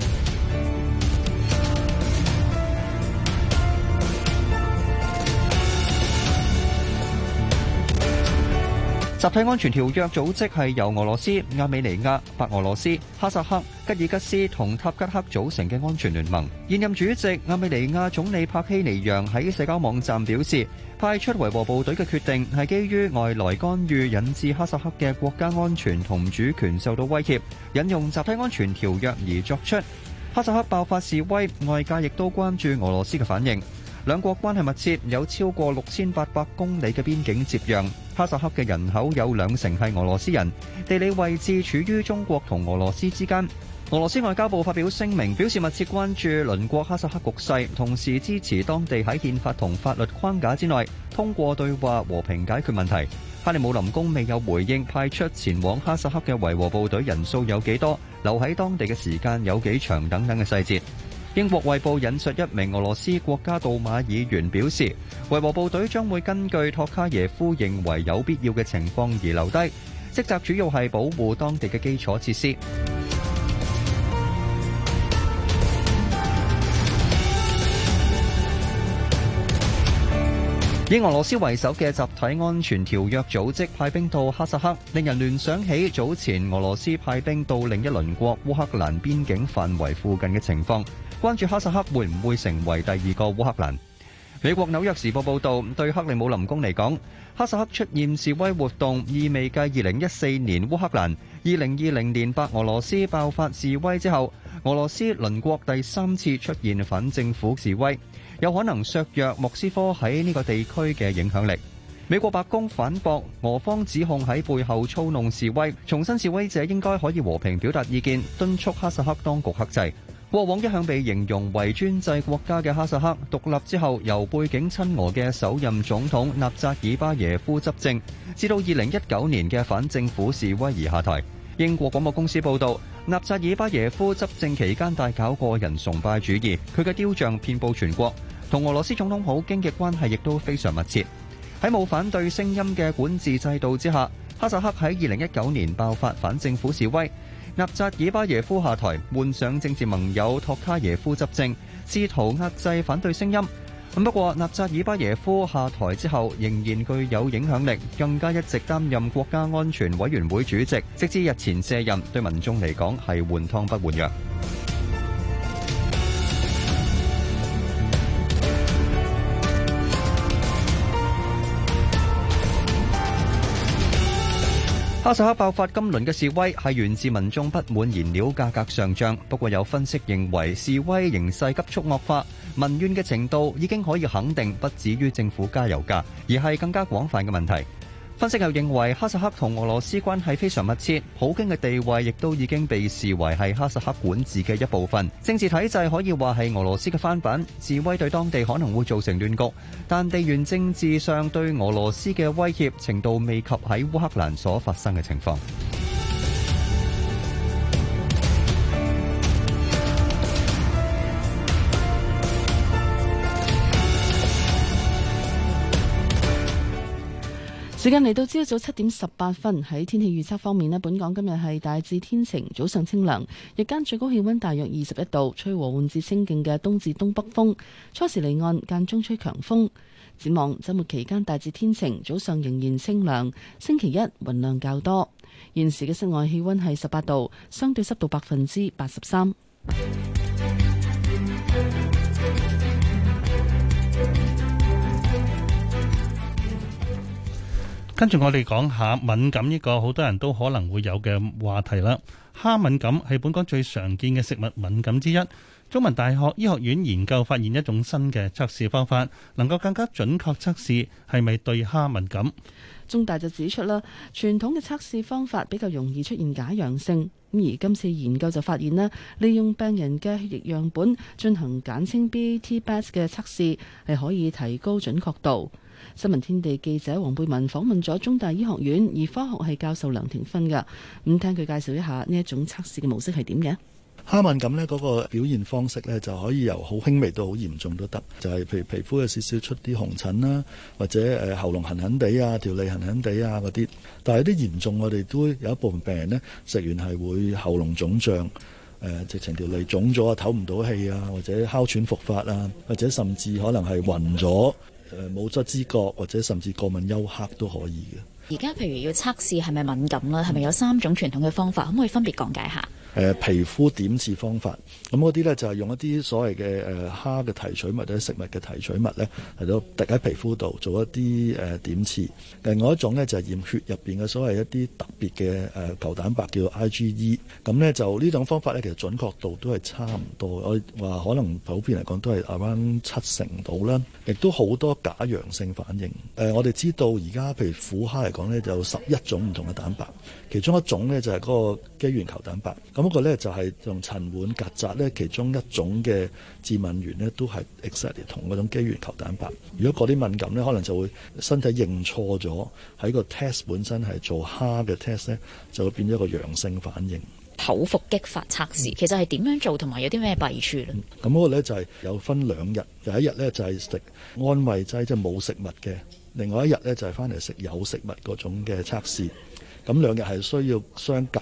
集體安全條約組織係由俄羅斯、亞美尼亞、白俄羅斯、哈薩克、吉爾吉斯同塔吉克組成嘅安全聯盟。現任主席亞美尼亞總理帕希尼揚喺社交網站表示，派出維和部隊嘅決定係基於外來干預引致哈薩克嘅國家安全同主權受到威脅，引用集體安全條約而作出。哈薩克爆發示威，外界亦都關注俄羅斯嘅反應。兩國關係密切，有超過六千八百公里嘅邊境接壤。哈薩克嘅人口有兩成係俄羅斯人，地理位置處於中國同俄羅斯之間。俄羅斯外交部發表聲明，表示密切關注鄰國哈薩克局勢，同時支持當地喺憲法同法律框架之內通過對話和平解決問題。克里姆林宮未有回應派出前往哈薩克嘅維和部隊人數有幾多，留喺當地嘅時間有幾長等等嘅細節。英國衛報引述一名俄羅斯國家杜馬議員表示，維和部隊將會根據托卡耶夫認為有必要嘅情況而留低，職責主要係保護當地嘅基礎設施。以俄羅斯為首嘅集體安全條約組織派兵到哈薩克，令人聯想起早前俄羅斯派兵到另一鄰國烏克蘭邊境範圍附近嘅情況。關注哈薩克會唔會成為第二個烏克蘭？美國《紐約時報》報道，對克里姆林宮嚟講，哈薩克出現示威活動，意味繼二零一四年烏克蘭、二零二零年白俄羅斯爆發示威之後，俄羅斯鄰國第三次出現反政府示威，有可能削弱莫斯科喺呢個地區嘅影響力。美國白宮反駁俄方指控喺背後操弄示威，重申示威者應該可以和平表達意見，敦促哈薩克當局克制。過往一向被形容為專制國家嘅哈薩克獨立之後，由背景親俄嘅首任總統納扎爾巴耶夫執政，至到二零一九年嘅反政府示威而下台。英國廣播公司報道，納扎爾巴耶夫執政期間大搞個人崇拜主義，佢嘅雕像遍佈全國，同俄羅斯總統普京嘅關係亦都非常密切。喺冇反對聲音嘅管治制度之下。哈薩克喺二零一九年爆發反政府示威，納扎爾巴耶夫下台，換上政治盟友托卡耶夫執政，試圖壓制反對聲音。咁不過，納扎爾巴耶夫下台之後，仍然具有影響力，更加一直擔任國家安全委員會主席，直至日前卸任。對民眾嚟講，係換湯不換藥。哈薩克爆發今輪嘅示威係源自民眾不滿燃料價格上漲，不過有分析認為示威形勢急速惡化，民怨嘅程度已經可以肯定不止於政府加油價，而係更加廣泛嘅問題。分析又認為，哈薩克同俄羅斯關係非常密切，普京嘅地位亦都已經被視為係哈薩克管治嘅一部分。政治體制可以話係俄羅斯嘅翻版，示威對當地可能會造成亂局，但地緣政治上對俄羅斯嘅威脅程度未及喺烏克蘭所發生嘅情況。時間嚟到朝早七點十八分，喺天氣預測方面咧，本港今日係大致天晴，早上清涼，日間最高氣溫大約二十一度，吹和緩至清勁嘅東至東北風，初時離岸間中吹強風。展望周末期間大致天晴，早上仍然清涼，星期一雲量較多。現時嘅室外氣溫係十八度，相對濕度百分之八十三。跟住我哋講下敏感呢個好多人都可能會有嘅話題啦。蝦敏感係本港最常見嘅食物敏感之一。中文大學醫學院研究發現一種新嘅測試方法，能夠更加準確測試係咪對蝦敏感。中大就指出啦，傳統嘅測試方法比較容易出現假陽性。咁而今次研究就發現啦，利用病人嘅血液樣本進行簡稱 BAT BAS 嘅測試，係可以提高準確度。新聞天地記者黃貝文訪問咗中大醫學院兒科學系教授梁庭芬嘅咁，聽佢介紹一下呢一種測試嘅模式係點嘅。哈敏感呢嗰個表現方式呢，就可以由好輕微到好嚴重都得，就係、是、譬如皮膚有少少出啲紅疹啦，或者誒喉嚨痕痕地啊，條脷痕痕地啊嗰啲。但係啲嚴重，我哋都有一部分病人呢，食完係會喉嚨腫脹，誒、呃、直情條脷腫咗啊，唞唔到氣啊，或者哮喘復發啊，或者甚至可能係暈咗。誒冇咗知覺或者甚至過敏休克都可以嘅。而家譬如要測試係咪敏感咧，係咪有三種傳統嘅方法？可唔可以分別講解解下？誒皮膚點刺方法，咁嗰啲咧就係、是、用一啲所謂嘅誒蝦嘅提取物或者食物嘅提取物咧，嚟到滴喺皮膚度做一啲誒、呃、點刺。另外一種咧就係、是、驗血入邊嘅所謂一啲特別嘅誒球蛋白，叫 IgE。咁、e、咧就呢種方法咧，其實準確度都係差唔多，我話可能普遍嚟講都係 around 七成度啦。亦都好多假陽性反應。誒、呃，我哋知道而家譬如虎蝦嚟講咧，有十一種唔同嘅蛋白，其中一種咧就係、是、嗰個肌原球蛋白。咁個咧就係用塵蟎、曱甴咧，其中一種嘅致敏原咧，都係 exactly 同嗰種肌原球蛋白。如果嗰啲敏感咧，可能就會身體認錯咗，喺個 test 本身係做蝦嘅 test 咧，就會變咗一個陽性反應。口服激發測試、嗯、其實係點樣做，同埋有啲咩弊處咧？咁嗰個咧就係、是、有分兩日，有一日咧就係、是、食安慰劑，即係冇食物嘅；另外一日咧就係翻嚟食有食物嗰種嘅測試。咁兩日係需要相隔。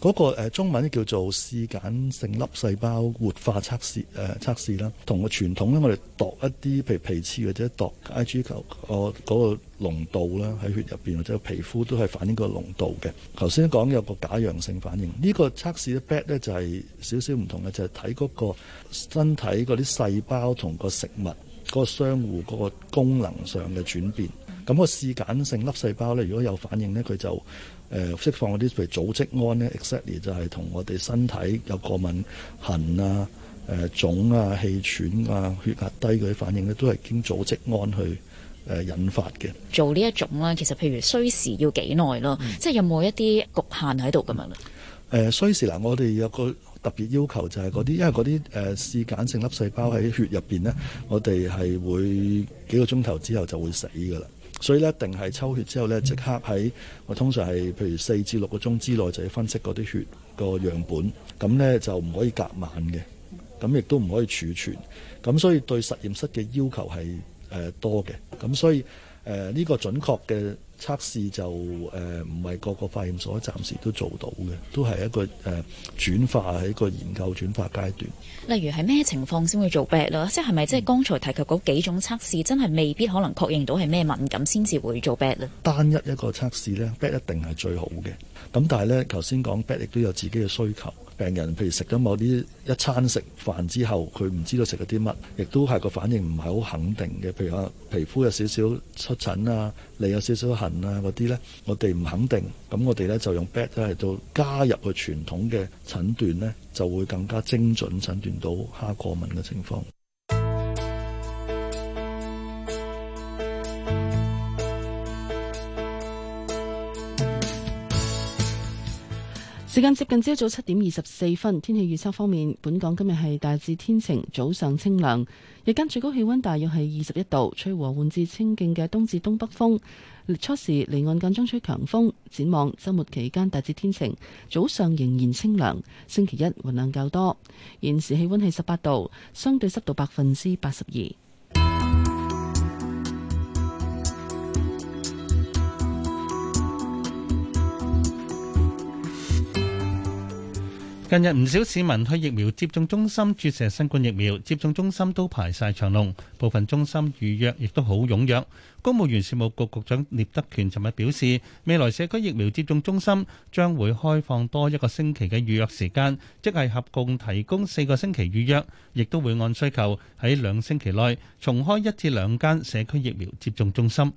嗰個中文叫做嗜鹼性粒細胞活化測試誒、呃、測試啦，同個傳統咧，我哋度一啲譬如皮刺或者度 IG 球個嗰個濃度啦，喺血入邊或者皮膚都係反映個濃度嘅。頭先講有個假陽性反應，呢、這個測試嘅 back 咧就係少少唔同嘅，就係睇嗰個身體嗰啲細胞同個食物嗰、那個相互嗰個功能上嘅轉變。咁、那個嗜鹼性粒細胞咧，如果有反應咧，佢就誒、呃、釋放嗰啲譬如組織胺咧，exactly 就係同我哋身體有過敏痕啊、誒、呃、腫啊、氣喘啊、血壓低嗰啲反應咧，都係經組織胺去誒、呃、引發嘅。做呢一種咧，其實譬如需時要幾耐咯？即係有冇一啲局限喺度咁樣咧？誒、嗯呃、需時嗱，我哋有個特別要求就係嗰啲，因為嗰啲誒嗜鹼性粒細胞喺血入邊咧，我哋係會幾個鐘頭之後就會死㗎啦。所以咧，定係抽血之後呢，即刻喺，我通常係譬如四至六個鐘之內就要分析嗰啲血個樣本，咁呢就唔可以隔晚嘅，咁亦都唔可以儲存，咁所以對實驗室嘅要求係誒、呃、多嘅，咁所以。誒呢、呃這個準確嘅測試就誒唔係個個化驗所暫時都做到嘅，都係一個誒轉、呃、化喺個研究轉化階段。例如係咩情況先會做 bad 咯？即係咪即係剛才提及嗰幾種測試真係未必可能確認到係咩敏感先至會做 bad 咧？單一一個測試呢 bad 一定係最好嘅。咁但係咧，頭先講 b a c 亦都有自己嘅需求。病人譬如食咗某啲一餐食飯之後，佢唔知道食咗啲乜，亦都係個反應唔係好肯定嘅。譬如話皮膚有少少出疹啊，脷有少少痕啊嗰啲咧，我哋唔肯定。咁我哋咧就用 b a c 嚟到加入個傳統嘅診斷咧，就會更加精準診斷到蝦過敏嘅情況。時間接近朝早七點二十四分，天氣預測方面，本港今日係大致天晴，早上清涼，日間最高氣溫大約係二十一度，吹和緩至清勁嘅東至東北風。初時離岸間中吹強風。展望周末期間大致天晴，早上仍然清涼，星期一雲量較多。現時氣温係十八度，相對濕度百分之八十二。近日唔少市民去疫苗接種中心注射新冠疫苗，接種中心都排晒長龍，部分中心預約亦都好踊躍，公務員事務局局，局長聶德權尋日表示，未來社區疫苗接種中心將會開放多一個星期嘅預約時間，即係合共提供四個星期預約，亦都會按需求喺兩星期內重開一至兩間社區疫苗接種中心。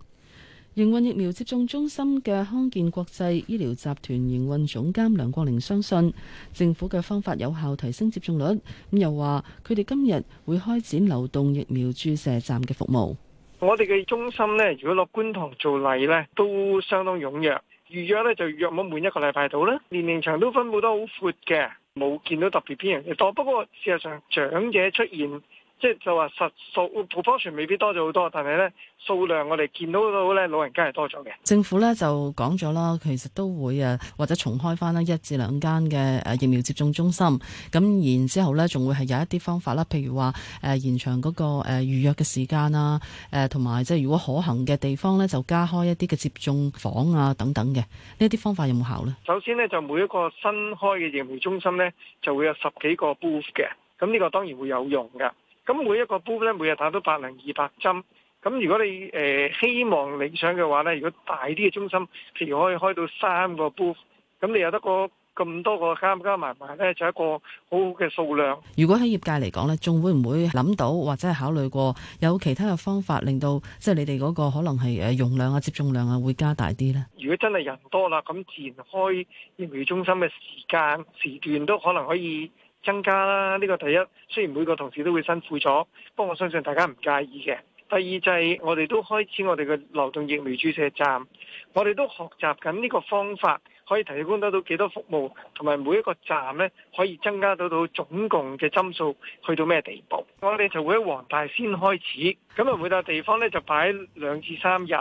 營運疫苗接種中心嘅康健國際醫療集團營運總監梁國寧相信政府嘅方法有效提升接種率，咁又話佢哋今日會開展流動疫苗注射站嘅服務。我哋嘅中心呢，如果落觀塘做例呢，都相當踊躍，預約呢，就約滿每一個禮拜到咧，年齡層都分布得好闊嘅，冇見到特別偏型多。不過事實上長者出現。即係就話實數 proportion 未必多咗好多，但係咧數量我哋見到到咧，老人家係多咗嘅。政府咧就講咗啦，其實都會誒或者重開翻啦一至兩間嘅誒疫苗接種中心。咁然之後咧，仲會係有一啲方法啦，譬如話誒、呃、延長嗰、那個誒、呃、預約嘅時間啦，誒同埋即係如果可行嘅地方咧，就加開一啲嘅接種房啊等等嘅呢一啲方法有冇效咧？首先呢，就每一個新開嘅疫苗中心咧就會有十幾個 booth 嘅，咁呢個當然會有用噶。咁每一個 booth 咧，每日打到百零二百針。咁如果你誒、呃、希望理想嘅話咧，如果大啲嘅中心，譬如可以開到三個 booth，咁你有得個咁多個加加埋埋咧，就一個好好嘅數量。如果喺業界嚟講咧，仲會唔會諗到或者係考慮過有其他嘅方法令到即係、就是、你哋嗰個可能係誒容量啊、接種量啊會加大啲咧？如果真係人多啦，咁自然開疫苗中心嘅時間時段都可能可以增加啦，呢個第一，雖然每個同事都會辛苦咗，不過我相信大家唔介意嘅。第二就係我哋都開始我哋嘅流動疫苗注射站，我哋都學習緊呢個方法，可以提供得到幾多服務，同埋每一個站呢可以增加到到總共嘅針數去到咩地步。我哋就會喺黃大仙開始，咁啊每笪地方呢就擺兩至三日，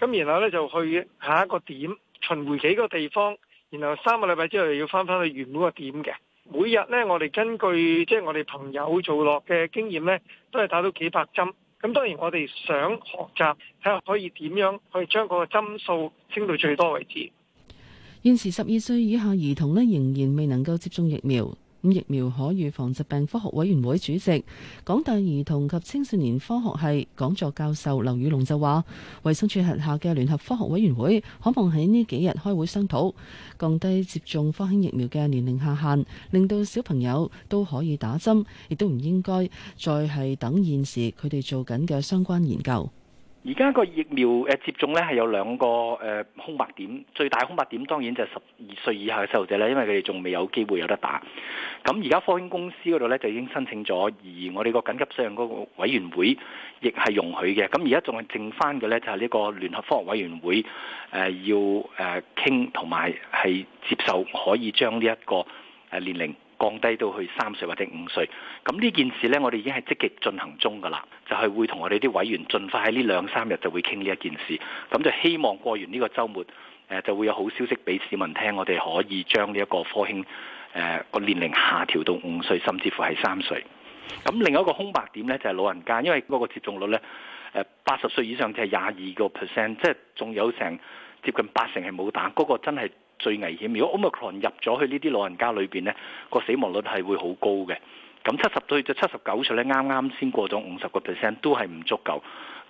咁然後呢就去下一個點，巡迴幾個地方，然後三個禮拜之後要翻返去原本個點嘅。每日呢，我哋根據即係、就是、我哋朋友做落嘅經驗呢，都係打到幾百針。咁當然我哋想學習睇下可以點樣去將嗰個針數升到最多為止。現時十二歲以下兒童呢，仍然未能夠接種疫苗。咁疫苗可預防疾病科學委員會主席、港大兒童及青少年科學系講座教授劉宇龍就話：衛生署轄下嘅聯合科學委員會可望喺呢幾日開會商討降低接種科興疫苗嘅年齡下限，令到小朋友都可以打針，亦都唔應該再係等現時佢哋做緊嘅相關研究。而家個疫苗誒接種咧係有兩個誒、呃、空白點，最大空白點當然就係十二歲以下嘅細路仔咧，因為佢哋仲未有機會有得打。咁而家科興公司嗰度咧就已經申請咗，而我哋個緊急使用嗰個委員會亦係容許嘅。咁而家仲係剩翻嘅咧，就係、是、呢個聯合科學委員會誒、呃、要誒傾同埋係接受可以將呢一個誒年齡降低到去三歲或者五歲，咁呢件事呢，我哋已經係積極進行中㗎啦。就係、是、會同我哋啲委員盡快喺呢兩三日就會傾呢一件事。咁就希望過完呢個周末、呃，就會有好消息俾市民聽，我哋可以將呢一個科興個、呃、年齡下調到五歲甚至乎係三歲，咁另外一個空白點呢，就係、是、老人家，因為嗰個接種率呢，八十歲以上就係廿二個 percent，即係仲有成接近八成係冇打。嗰、嗰個真係。最危險，如果 Omicron 入咗去呢啲老人家裏邊咧，個死亡率係會好高嘅。咁七十歲至七十九歲呢，啱啱先過咗五十個 percent，都係唔足夠。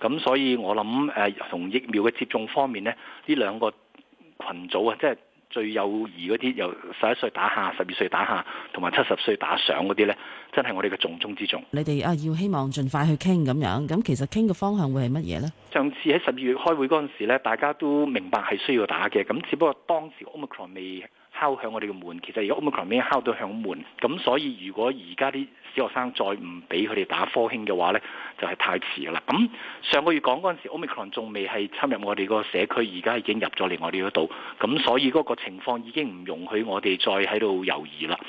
咁所以我，我諗誒，同疫苗嘅接種方面呢，呢兩個群組啊，即係。最幼兒嗰啲，由十一歲打下，十二歲打下，同埋七十歲打上嗰啲呢，真係我哋嘅重中之重。你哋啊，要希望盡快去傾咁樣。咁其實傾嘅方向會係乜嘢呢？上次喺十二月開會嗰陣時呢，大家都明白係需要打嘅。咁，只不過當時 Omicron 未。敲響我哋嘅門，其實而家奧密克戎已經敲到響門，咁所以如果而家啲小學生再唔俾佢哋打科興嘅話呢，就係太遲㗎啦。咁上個月講嗰陣時，Omicron 仲未係侵入我哋個社區，而家已經入咗另外呢度，咁所以嗰個情況已經唔容許我哋再喺度猶豫啦。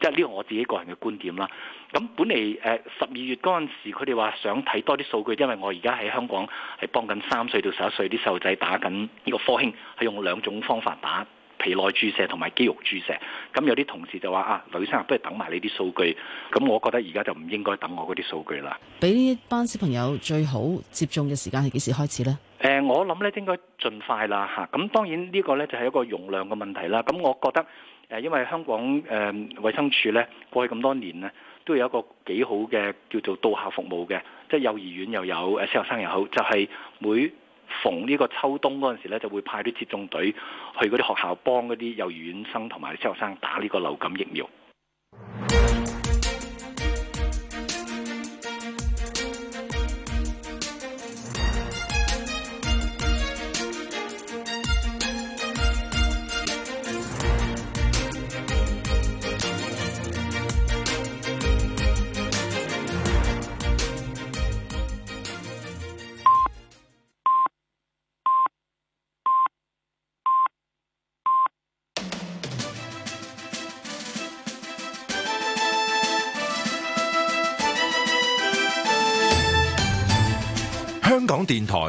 即係呢個我自己個人嘅觀點啦。咁本嚟誒十二月嗰陣時，佢哋話想睇多啲數據，因為我而家喺香港係幫緊三歲到十一歲啲細路仔打緊呢個科興，係用兩種方法打。皮內注射同埋肌肉注射，咁有啲同事就話啊，女生不如等埋你啲數據，咁我覺得而家就唔應該等我嗰啲數據啦。俾呢班小朋友最好接種嘅時間係幾時開始呢？誒、呃，我諗咧應該盡快啦嚇。咁、啊、當然個呢個咧就係、是、一個容量嘅問題啦。咁我覺得誒、呃，因為香港誒衛、呃、生署咧過去咁多年呢，都有一個幾好嘅叫做到校服務嘅，即係幼兒園又有誒小學生又好，就係、是、每。逢呢個秋冬嗰陣時咧，就會派啲接種隊去嗰啲學校幫嗰啲幼兒園生同埋小學生打呢個流感疫苗。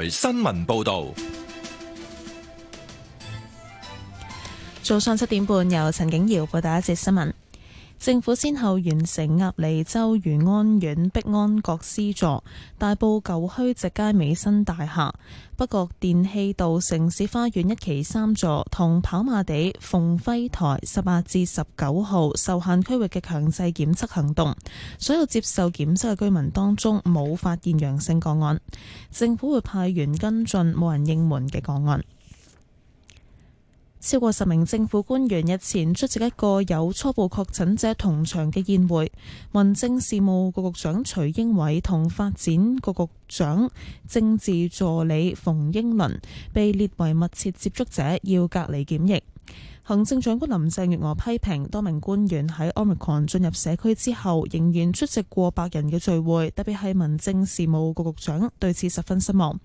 新聞報道。早上七點半，由陳景瑤報道一節新聞。政府先後完成鴨脷洲漁安苑碧安閣 c 座、大埔舊墟直街美新大廈、北角電氣道城市花園一期三座同跑馬地鳳輝台十八至十九號受限區域嘅強制檢測行動，所有接受檢測嘅居民當中冇發現陽性個案。政府會派員跟進冇人應門嘅個案。超過十名政府官員日前出席一個有初步確診者同場嘅宴會，民政事務局局長徐英偉同發展局局長政治助理馮英倫被列為密切接觸者，要隔離檢疫。行政長官林鄭月娥批評多名官員喺 Omicron 進入社區之後，仍然出席過百人嘅聚會，特別係民政事務局局長對此十分失望。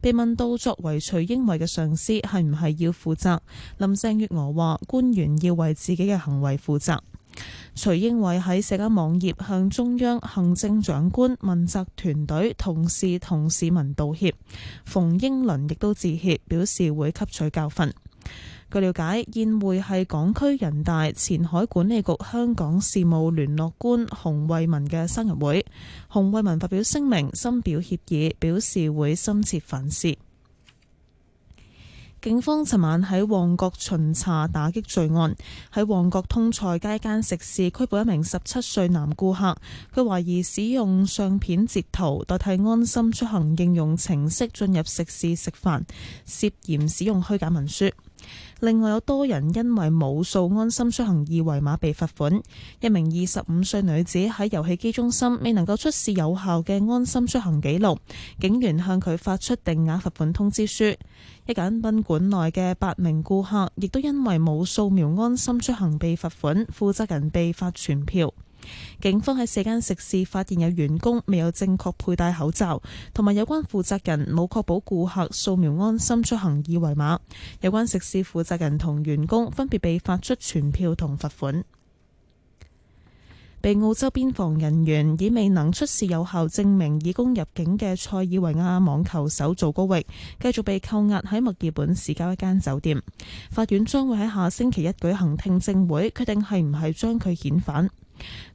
被問到作為徐英偉嘅上司係唔係要負責，林鄭月娥話官員要為自己嘅行為負責。徐英偉喺社交網頁向中央行政長官問責團隊、同事同市民道歉。馮英倫亦都致歉，表示會吸取教訓。據了解，宴會係港區人大前海管理局香港事務聯絡官洪為民嘅生日會。洪為民發表聲明，深表歉意，表示會深切反思。警方尋晚喺旺角巡查打擊罪案，喺旺角通菜街間食肆拘捕一名十七歲男顧客，佢懷疑使用相片截圖代替安心出行應用程式進入食肆食飯，涉嫌使用虛假文書。另外有多人因為冇掃安心出行二維碼被罰款，一名二十五歲女子喺遊戲機中心未能夠出示有效嘅安心出行記錄，警員向佢發出定額罰款通知書。一間賓館內嘅八名顧客亦都因為冇掃描安心出行被罰款，負責人被發傳票。警方喺四間食肆發現有員工未有正確佩戴口罩，同埋有關負責人冇確保顧客掃描安心出行二維碼。有關食肆負責人同員工分別被發出傳票同罰款。被澳洲邊防人員以未能出示有效證明以供入境嘅塞爾維亞網球手祖高域，繼續被扣押喺墨爾本市郊一間酒店。法院將會喺下星期一舉行聽證會，決定係唔係將佢遣返。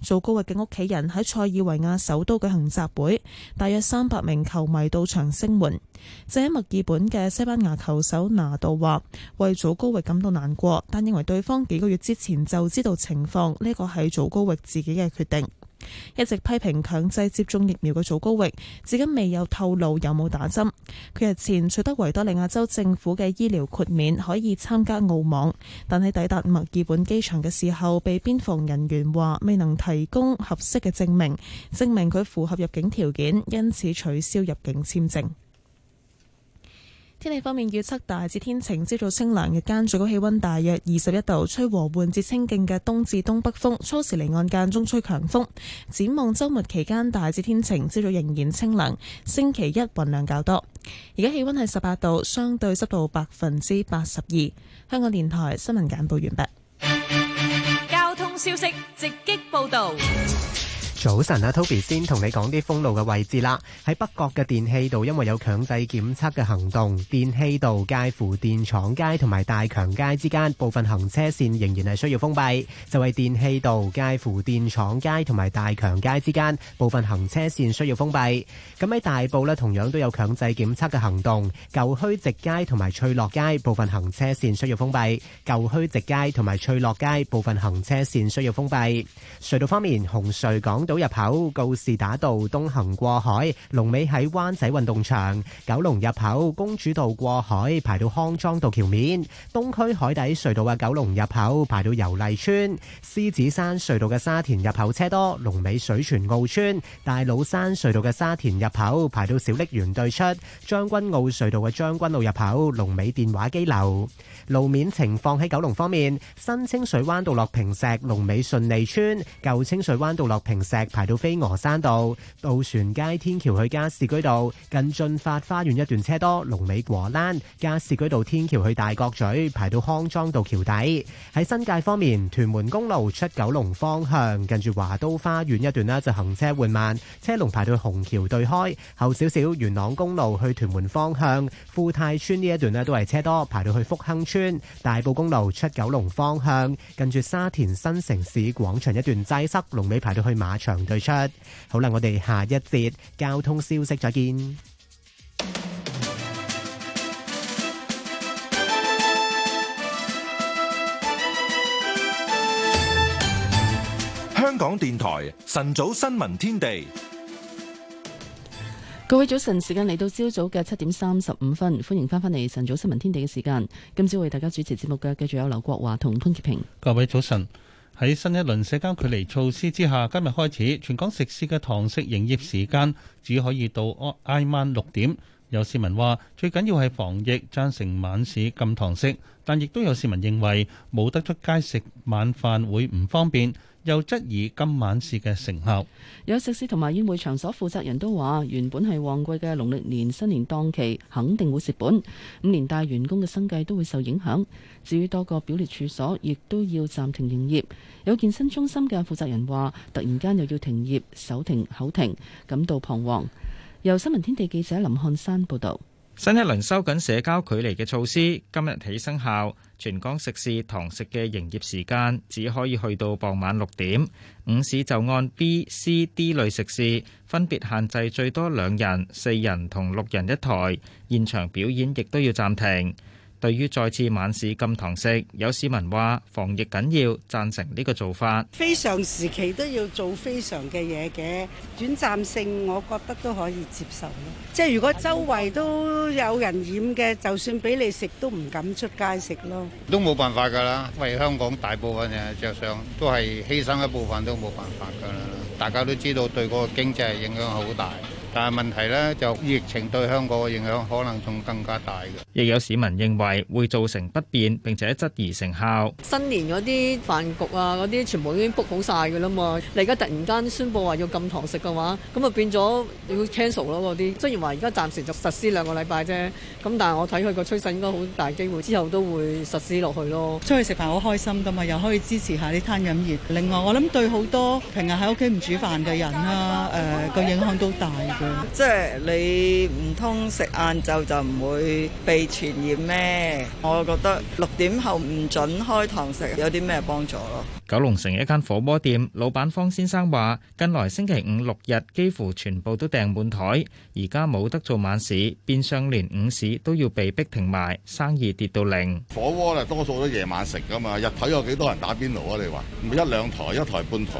祖高域嘅屋企人喺塞爾維亞首都舉行集會，大約三百名球迷到場聲援。正喺墨爾本嘅西班牙球手拿度話：為祖高域感到難過，但認為對方幾個月之前就知道情況，呢、這個係祖高域自己嘅決定。一直批評強制接種疫苗嘅祖高域，至今未有透露有冇打針。佢日前取得維多利亞州政府嘅醫療豁免，可以參加澳網，但喺抵達墨爾本機場嘅時候，被邊防人員話未能提供合適嘅證明，證明佢符合入境條件，因此取消入境簽證。天氣方面預測大致天晴，朝早清涼，日間最高氣溫大約二十一度，吹和緩至清勁嘅東至東北風，初時離岸間中吹強風。展望周末期間大致天晴，朝早仍然清涼，星期一雲量較多。而家氣溫係十八度，相對濕度百分之八十二。香港電台新聞簡報完畢。交通消息直擊報道。早晨啊，Toby 先同你講啲封路嘅位置啦。喺北角嘅電氣道，因為有強制檢測嘅行動，電氣道介乎電廠街同埋大強街之間部分行車線仍然係需要封閉。就係電氣道介乎電廠街同埋大強街之間部分行車線需要封閉。咁喺大埔咧，同樣都有強制檢測嘅行動，舊墟直街同埋翠樂街部分行車線需要封閉。舊墟直街同埋翠樂街部分行車線需要封閉。隧道方面，紅隧港島入口告士打道東行過海，龍尾喺灣仔運動場；九龍入口公主道過海，排到康莊道橋面；東區海底隧道嘅九龍入口排到油麗邨；獅子山隧道嘅沙田入口車多，龍尾水泉澳村；大老山隧道嘅沙田入口排到小瀝源對出；將軍澳隧道嘅將軍澳入口龍尾電話機樓。路面情況喺九龍方面，新清水灣道落坪石，龍尾順利村；舊清水灣道落坪石。排到飛鵝山道、渡船街天橋去加士居道，近駿發花園一段車多；龍尾果欄，加士居道天橋去大角咀，排到康莊道橋底。喺新界方面，屯門公路出九龍方向，近住華都花園一段呢就行車緩慢，車龍排到紅橋對開後少少；元朗公路去屯門方向，富泰村呢一段呢都係車多，排到去福亨村；大埔公路出九龍方向，近住沙田新城市廣場一段擠塞，龍尾排到去馬場。強對出，好啦，我哋下一節交通消息再見。香港電台晨早新聞天地，各位早晨，時間嚟到朝早嘅七點三十五分，歡迎翻返嚟晨早新聞天地嘅時間。今朝為大家主持節目嘅，繼續有劉國華同潘潔平。各位早晨。喺新一輪社交距離措施之下，今日開始，全港食肆嘅堂食營業時間只可以到挨晚六點。有市民話：最緊要係防疫，贊成晚市禁堂食。但亦都有市民認為冇得出街食晚飯會唔方便。又質疑今晚市嘅成效。有食肆同埋宴會場所負責人都話，原本係旺季嘅農曆年新年檔期，肯定會蝕本。咁連帶員工嘅生計都會受影響。至於多個表列處所，亦都要暫停營業。有健身中心嘅負責人話，突然間又要停業、手停、口停，感到彷徨。由新聞天地記者林漢山報導。新一輪收緊社交距離嘅措施，今日起生效。全港食肆堂食嘅營業時間只可以去到傍晚六點，午市就按 B、C、D 類食肆分別限制最多兩人、四人同六人一枱，現場表演亦都要暫停。對於再次晚市禁堂食，有市民話：防疫緊要，贊成呢個做法。非常時期都要做非常嘅嘢嘅，短暫性我覺得都可以接受咯。即係如果周圍都有人染嘅，就算俾你食都唔敢出街食咯。都冇辦法㗎啦，因為香港大部分人着想，都係犧牲一部分都冇辦法㗎啦。大家都知道對嗰個經濟影響好大。但係問題咧，就疫情對香港嘅影響可能仲更加大嘅。亦有市民認為會造成不便，並且質疑成效。新年嗰啲飯局啊，嗰啲全部已經 book 好晒㗎啦嘛。你而家突然間宣布話要禁堂食嘅話，咁啊變咗要 cancel 咯嗰啲。雖然話而家暫時就實施兩個禮拜啫，咁但係我睇佢個趨勢應該好大機會之後都會實施落去咯。出去食飯好開心噶嘛，又可以支持下啲餐飲業。另外，我諗對好多平日喺屋企唔煮飯嘅人啦、啊，誒、呃、個影響都大。即係你唔通食晏晝就唔會被傳染咩？我覺得六點後唔準開堂食，有啲咩幫助咯？九龍城一間火鍋店老闆方先生話：近來星期五六日幾乎全部都訂滿台，而家冇得做晚市，變相連午市都要被逼停埋，生意跌到零。火鍋啊，多數都夜晚食噶嘛，日頭有幾多人打邊爐啊？你話唔一兩台，一台半台，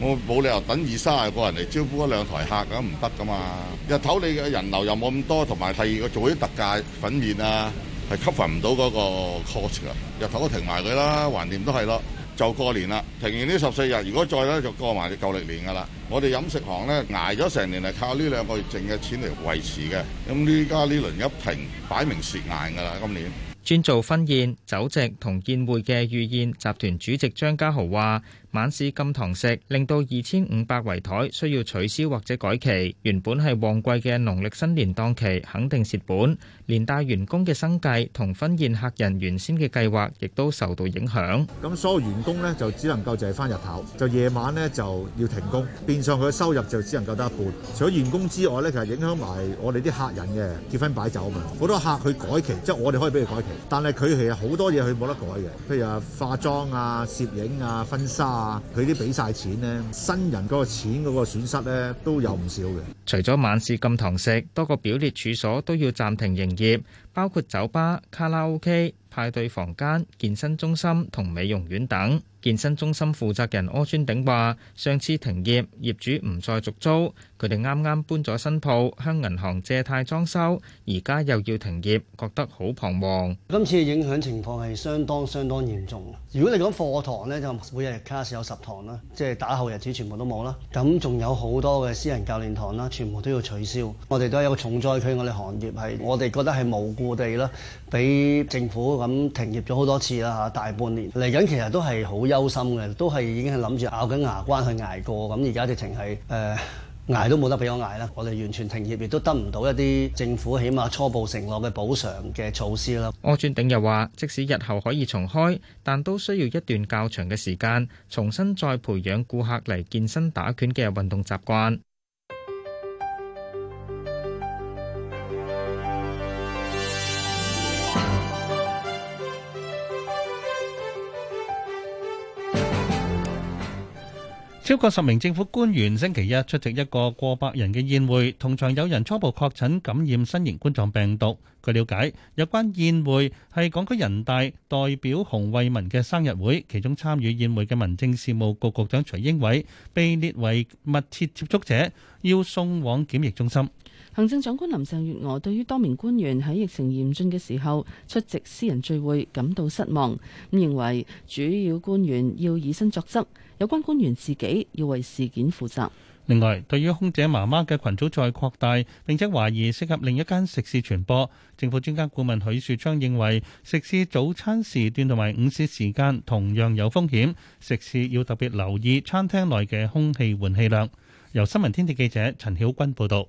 我冇理由等二三十個人嚟招呼一兩台客咁唔得噶嘛。日頭你嘅人流又冇咁多，同埋第二個做啲特價粉麵啊，係 cover 唔到嗰個 cost 啊。日頭都停埋佢啦，橫掂都係咯。就過年啦，停完呢十四日，如果再咧就過埋啲舊歷年㗎啦。我哋飲食行咧，捱咗成年係靠呢兩個月剩嘅錢嚟維持嘅，咁而家呢輪一停，擺明蝕硬㗎啦。今年專做婚宴、酒席同宴會嘅御宴集團主席張家豪話。晚市禁堂食令到二千五百圍台需要取消或者改期，原本係旺季嘅農曆新年檔期肯定蝕本，連帶員工嘅生計同婚宴客人原先嘅計劃亦都受到影響。咁所有員工咧就只能夠就係翻日頭，就夜晚咧就要停工，變相佢嘅收入就只能夠得一半。除咗員工之外咧，其實影響埋我哋啲客人嘅結婚擺酒啊嘛，好多客去改期，即係我哋可以俾佢改期，但係佢其實好多嘢佢冇得改嘅，譬如話化妝啊、攝影啊、婚紗。佢啲俾晒錢呢，新人嗰個錢嗰個損失咧都有唔少嘅。除咗晚市禁堂食，多個表列處所都要暫停營業，包括酒吧、卡拉 OK、派對房間、健身中心同美容院等。健身中心負責人柯尊鼎話：上次停業，業主唔再續租。佢哋啱啱搬咗新鋪，向銀行借貸裝修，而家又要停業，覺得好彷徨。今次嘅影響情況係相當相當嚴重。如果你講課堂咧，就每日卡 l 有十堂啦，即係打後日子全部都冇啦。咁仲有好多嘅私人教練堂啦，全部都要取消。我哋都一個重災區，我哋行業係我哋覺得係無故地啦，俾政府咁停業咗好多次啦嚇，大半年嚟緊其實都係好憂心嘅，都係已經係諗住咬緊牙關去捱過。咁而家直情係誒。呃捱都冇得俾我捱啦！我哋完全停業，亦都得唔到一啲政府起碼初步承諾嘅補償嘅措施啦。柯俊頂又話：即使日後可以重開，但都需要一段較長嘅時間，重新再培養顧客嚟健身打拳嘅運動習慣。超過十名政府官員星期一出席一個過百人嘅宴會，同場有人初步確診感染新型冠狀病毒。據了解，有關宴會係港區人大代表洪為民嘅生日會，其中參與宴會嘅民政事務局局長徐英偉被列為密切接觸者，要送往檢疫中心。行政長官林鄭月娥對於多名官員喺疫情嚴峻嘅時候出席私人聚會感到失望，咁認為主要官員要以身作則。有關官員自己要為事件負責。另外，對於空姐媽媽嘅群組再擴大，並且懷疑涉及另一間食肆傳播，政府專家顧問許樹昌認為，食肆早餐時段同埋午市時，時間同樣有風險，食肆要特別留意餐廳內嘅空氣換氣量。由新聞天地記者陳曉君報道。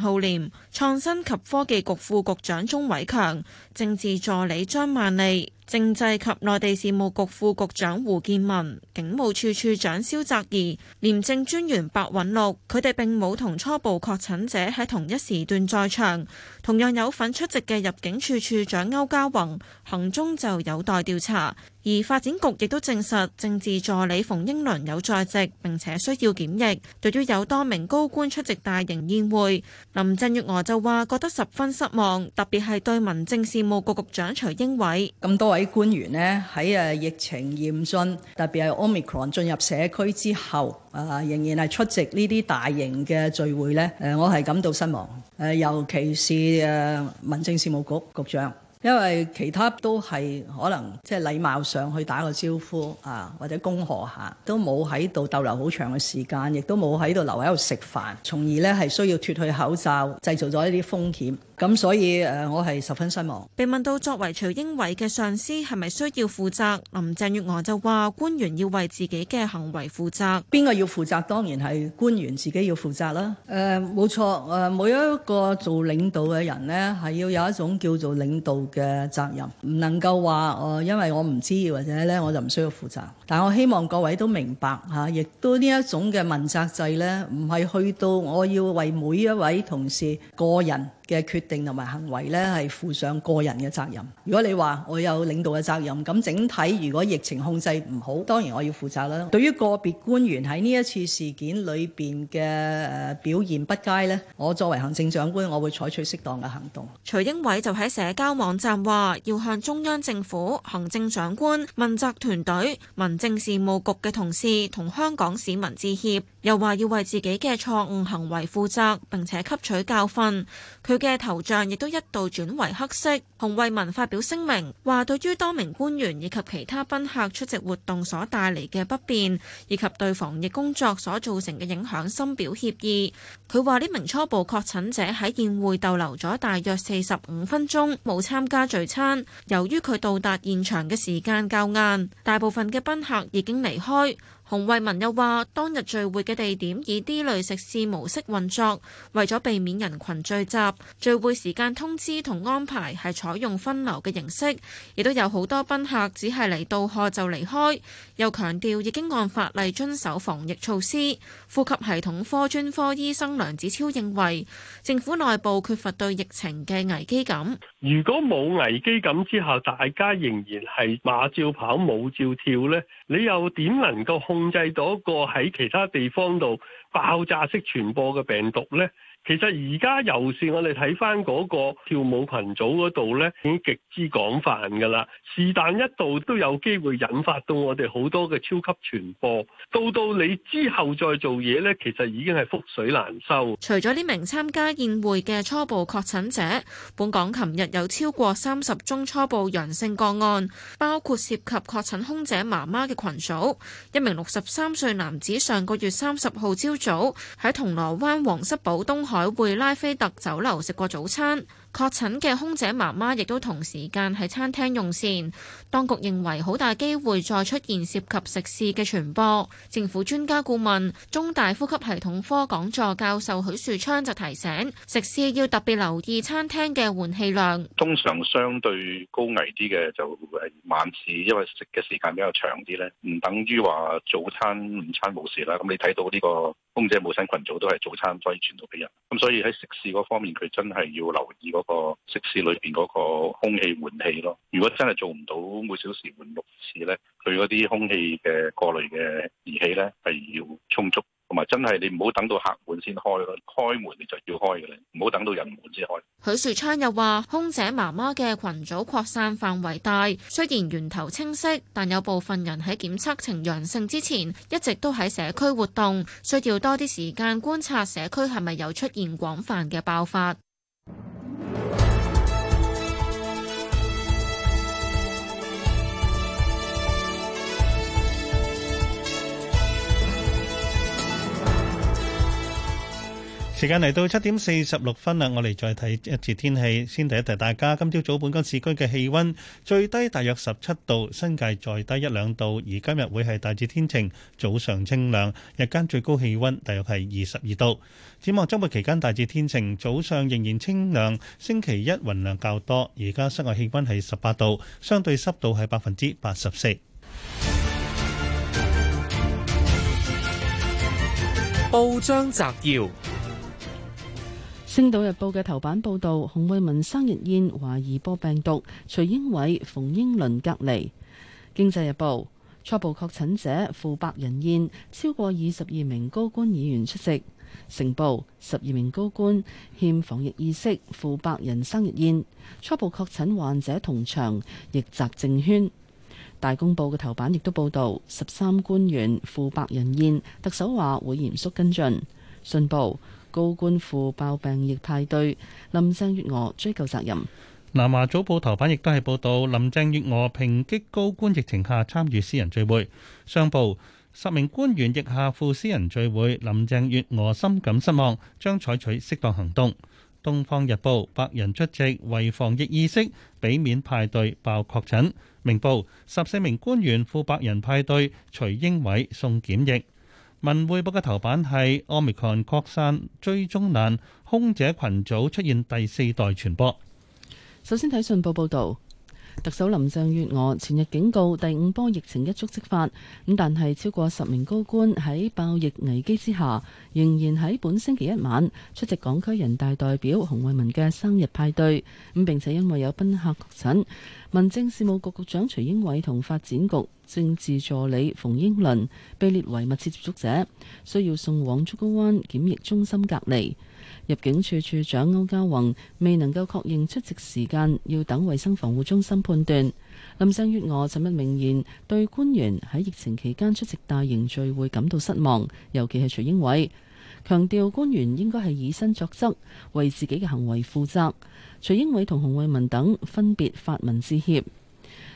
浩廉創新及科技局副局長鍾偉強、政治助理張萬利、政制及內地事務局副局長胡建文、警務處處長蕭澤頤、廉政專員白允祿，佢哋並冇同初步確診者喺同一時段在場。同樣有份出席嘅入境處處長歐家宏行蹤就有待調查，而發展局亦都證實政治助理馮英良有在席並且需要檢疫。對於有多名高官出席大型宴會，林鄭月娥就話覺得十分失望，特別係對民政事務局局長徐英偉。咁多位官員咧喺誒疫情嚴峻，特別係 Omicron 進入社區之後啊，仍然係出席呢啲大型嘅聚會呢誒我係感到失望，誒尤其是。係民政事務局局長，因為其他都係可能即係禮貌上去打個招呼啊，或者恭賀下，都冇喺度逗留好長嘅時間，亦都冇喺度留喺度食飯，從而咧係需要脫去口罩，製造咗一啲風險。咁所以誒，我係十分失望。被問到作為徐英偉嘅上司係咪需要負責，林鄭月娥就話：官員要為自己嘅行為負責。邊個要負責？當然係官員自己要負責啦。誒、呃、冇錯，誒每一個做領導嘅人呢，係要有一種叫做領導嘅責任，唔能夠話誒、呃，因為我唔知或者咧，我就唔需要負責。但我希望各位都明白嚇，亦、啊、都呢一種嘅問責制呢，唔係去到我要為每一位同事個人。嘅決定同埋行為呢，係負上個人嘅責任。如果你話我有領導嘅責任，咁整體如果疫情控制唔好，當然我要負責啦。對於個別官員喺呢一次事件裏邊嘅誒表現不佳呢，我作為行政長官，我會採取適當嘅行動。徐英偉就喺社交網站話：要向中央政府、行政長官、問責團隊、民政事務局嘅同事同香港市民致歉。又話要為自己嘅錯誤行為負責，並且吸取教訓。佢嘅頭像亦都一度轉為黑色。洪偉文發表聲明，話對於多名官員以及其他賓客出席活動所帶嚟嘅不便，以及對防疫工作所造成嘅影響，深表歉意。佢話呢名初步確診者喺宴會逗留咗大約四十五分鐘，冇參加聚餐。由於佢到達現場嘅時間較晏，大部分嘅賓客已經離開。洪慧民又話：當日聚會嘅地點以 D 類食肆模式運作，為咗避免人群聚集，聚會時間通知同安排係採用分流嘅形式，亦都有好多賓客只係嚟到賀就離開。又強調已經按法例遵守防疫措施。呼吸系統科專科醫生梁子超認為，政府內部缺乏對疫情嘅危機感。如果冇危機感之後，大家仍然係馬照跑、舞照跳呢，你又點能夠控控制到一個喺其他地方度爆炸式傳播嘅病毒咧？其實而家有線，我哋睇翻嗰個跳舞群組嗰度呢，已經極之廣泛㗎啦。是但一度都有機會引發到我哋好多嘅超級傳播，到到你之後再做嘢呢，其實已經係覆水難收。除咗呢名參加宴會嘅初步確診者，本港琴日有超過三十宗初步陽性個案，包括涉及確診空姐媽媽嘅群組，一名六十三歲男子上個月三十號朝早喺銅鑼灣皇室堡東海匯拉菲特酒樓食過早餐，確診嘅空姐媽媽亦都同時間喺餐廳用膳。當局認為好大機會再出現涉及食肆嘅傳播。政府專家顧問、中大呼吸系統科講座教授許樹昌就提醒，食肆要特別留意餐廳嘅換氣量。通常相對高危啲嘅就係晚市，因為食嘅時間比較長啲咧，唔等於話早餐、午餐冇事啦。咁你睇到呢、這個？空姐母親群組都係早餐可以傳到俾人，咁所以喺食肆嗰方面，佢真係要留意嗰個食肆裏邊嗰個空氣換氣咯。如果真係做唔到每小時換六次呢，佢嗰啲空氣嘅過濾嘅儀器呢，係要充足。同埋真係，你唔好等到客滿先開，開門，你就要開嘅咧，唔好等到人滿先開。許樹昌又話，空姐媽媽嘅群組擴散範圍大，雖然源頭清晰，但有部分人喺檢測呈陽性之前一直都喺社區活動，需要多啲時間觀察社區係咪有出現廣泛嘅爆發。時間嚟到七點四十六分啦，我哋再睇一次天氣。先提一提大家，今朝早,早本港市區嘅氣温最低大約十七度，新界再低一兩度。而今日會係大致天晴，早上清涼，日間最高氣温大約係二十二度。展望周末期間大致天晴，早上仍然清涼。星期一雲量較多，而家室外氣温係十八度，相對濕度係百分之八十四。報章摘要。《星島日報》嘅頭版報道，洪偉民生日宴懷疑播病毒，徐英偉、馮英倫隔離。《經濟日報》初步確診者赴百人宴，超過二十二名高官議員出席。《成報》十二名高官欠防疫意識赴百人生日宴，初步確診患者同場，逆襲政圈。《大公報》嘅頭版亦都報道，十三官員赴百人宴，特首話會嚴肅跟進。《信報》高官赴爆病疫派對，林鄭月娥追究責任。南華早報頭版亦都係報道，林鄭月娥抨擊高官疫情下參與私人聚會。商報十名官員疫下赴私人聚會，林鄭月娥深感失望，將採取適當行動。東方日報百人出席為防疫意識，避免派對爆確診。明報十四名官員赴百人派對，徐英偉送檢疫。《文匯報》嘅頭版係：奧密 o n 擴散追蹤難，空姐群組出現第四代傳播。首先睇《信報，報》報道。特首林鄭月娥前日警告第五波疫情一觸即發，咁但係超過十名高官喺爆疫危機之下，仍然喺本星期一晚出席港區人大代表洪為民嘅生日派對，咁並且因為有賓客確診，民政事務局局長徐英偉同發展局政治助理馮英倫被列為密切接觸者，需要送往竹篙灣檢疫中心隔離。入境處處長歐嘉宏未能夠確認出席時間，要等衞生防護中心判斷。林鄭月娥尋日明言對官員喺疫情期間出席大型聚會感到失望，尤其係徐英偉強調官員應該係以身作則，為自己嘅行為負責。徐英偉同洪慧文等分別發文致歉。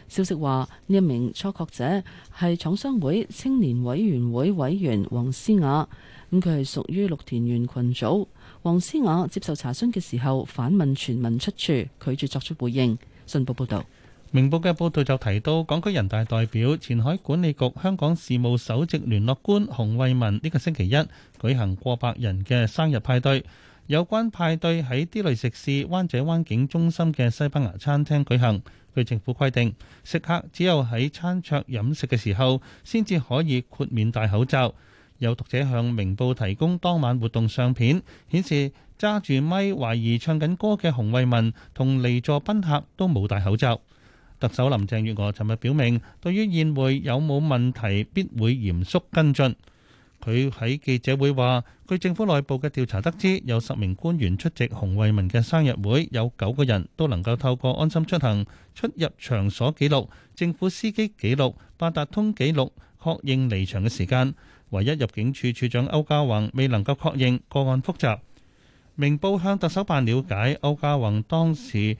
消息話呢一名初確者係廠商會青年委員會委員黃思雅，咁佢係屬於綠田園群組。黃思雅接受查詢嘅時候反問傳聞出處，拒絕作出回應。信報報導，明報嘅報道就提到，港區人大代表、前海管理局香港事務首席聯絡官洪為民呢、這個星期一舉行過百人嘅生日派對。有關派對喺 D 類食肆灣仔灣景中心嘅西班牙餐廳舉行。據政府規定，食客只有喺餐桌飲食嘅時候先至可以豁免戴口罩。有讀者向明報提供當晚活動相片，顯示揸住咪懷疑唱緊歌嘅洪為民同離座賓客都冇戴口罩。特首林鄭月娥尋日表明，對於宴會有冇問題，必會嚴肅跟進。佢喺記者會話，據政府內部嘅調查得知，有十名官員出席洪為民嘅生日會，有九個人都能夠透過安心出行、出入場所記錄、政府司機記錄、八達通記錄，確認離場嘅時間。唯一入境處處長歐家宏未能夠確認，個案複雜。明報向特首辦了解歐家宏當時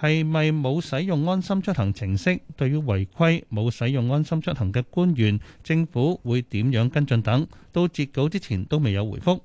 係咪冇使用安心出行程式？對於違規冇使用安心出行嘅官員，政府會點樣跟進等，到截稿之前都未有回覆。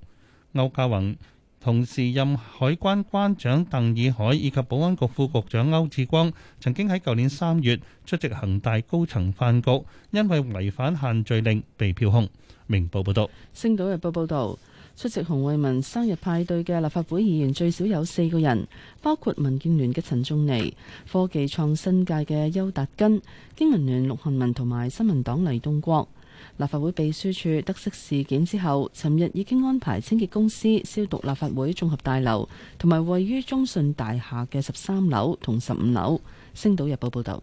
歐家宏。同時任海關關長鄧以海以及保安局副局長區志光，曾經喺舊年三月出席恒大高層飯局，因為違反限聚令被票控。明報報導，星島日報報道，出席洪為民生日派對嘅立法會議員最少有四個人，包括民建聯嘅陳仲尼、科技創新界嘅邱達根、經民聯陸瀚民同埋新民黨黎棟國。立法會秘書處得悉事件之後，尋日已經安排清潔公司消毒立法會綜合大樓同埋位於中信大廈嘅十三樓同十五樓。星島日報報導，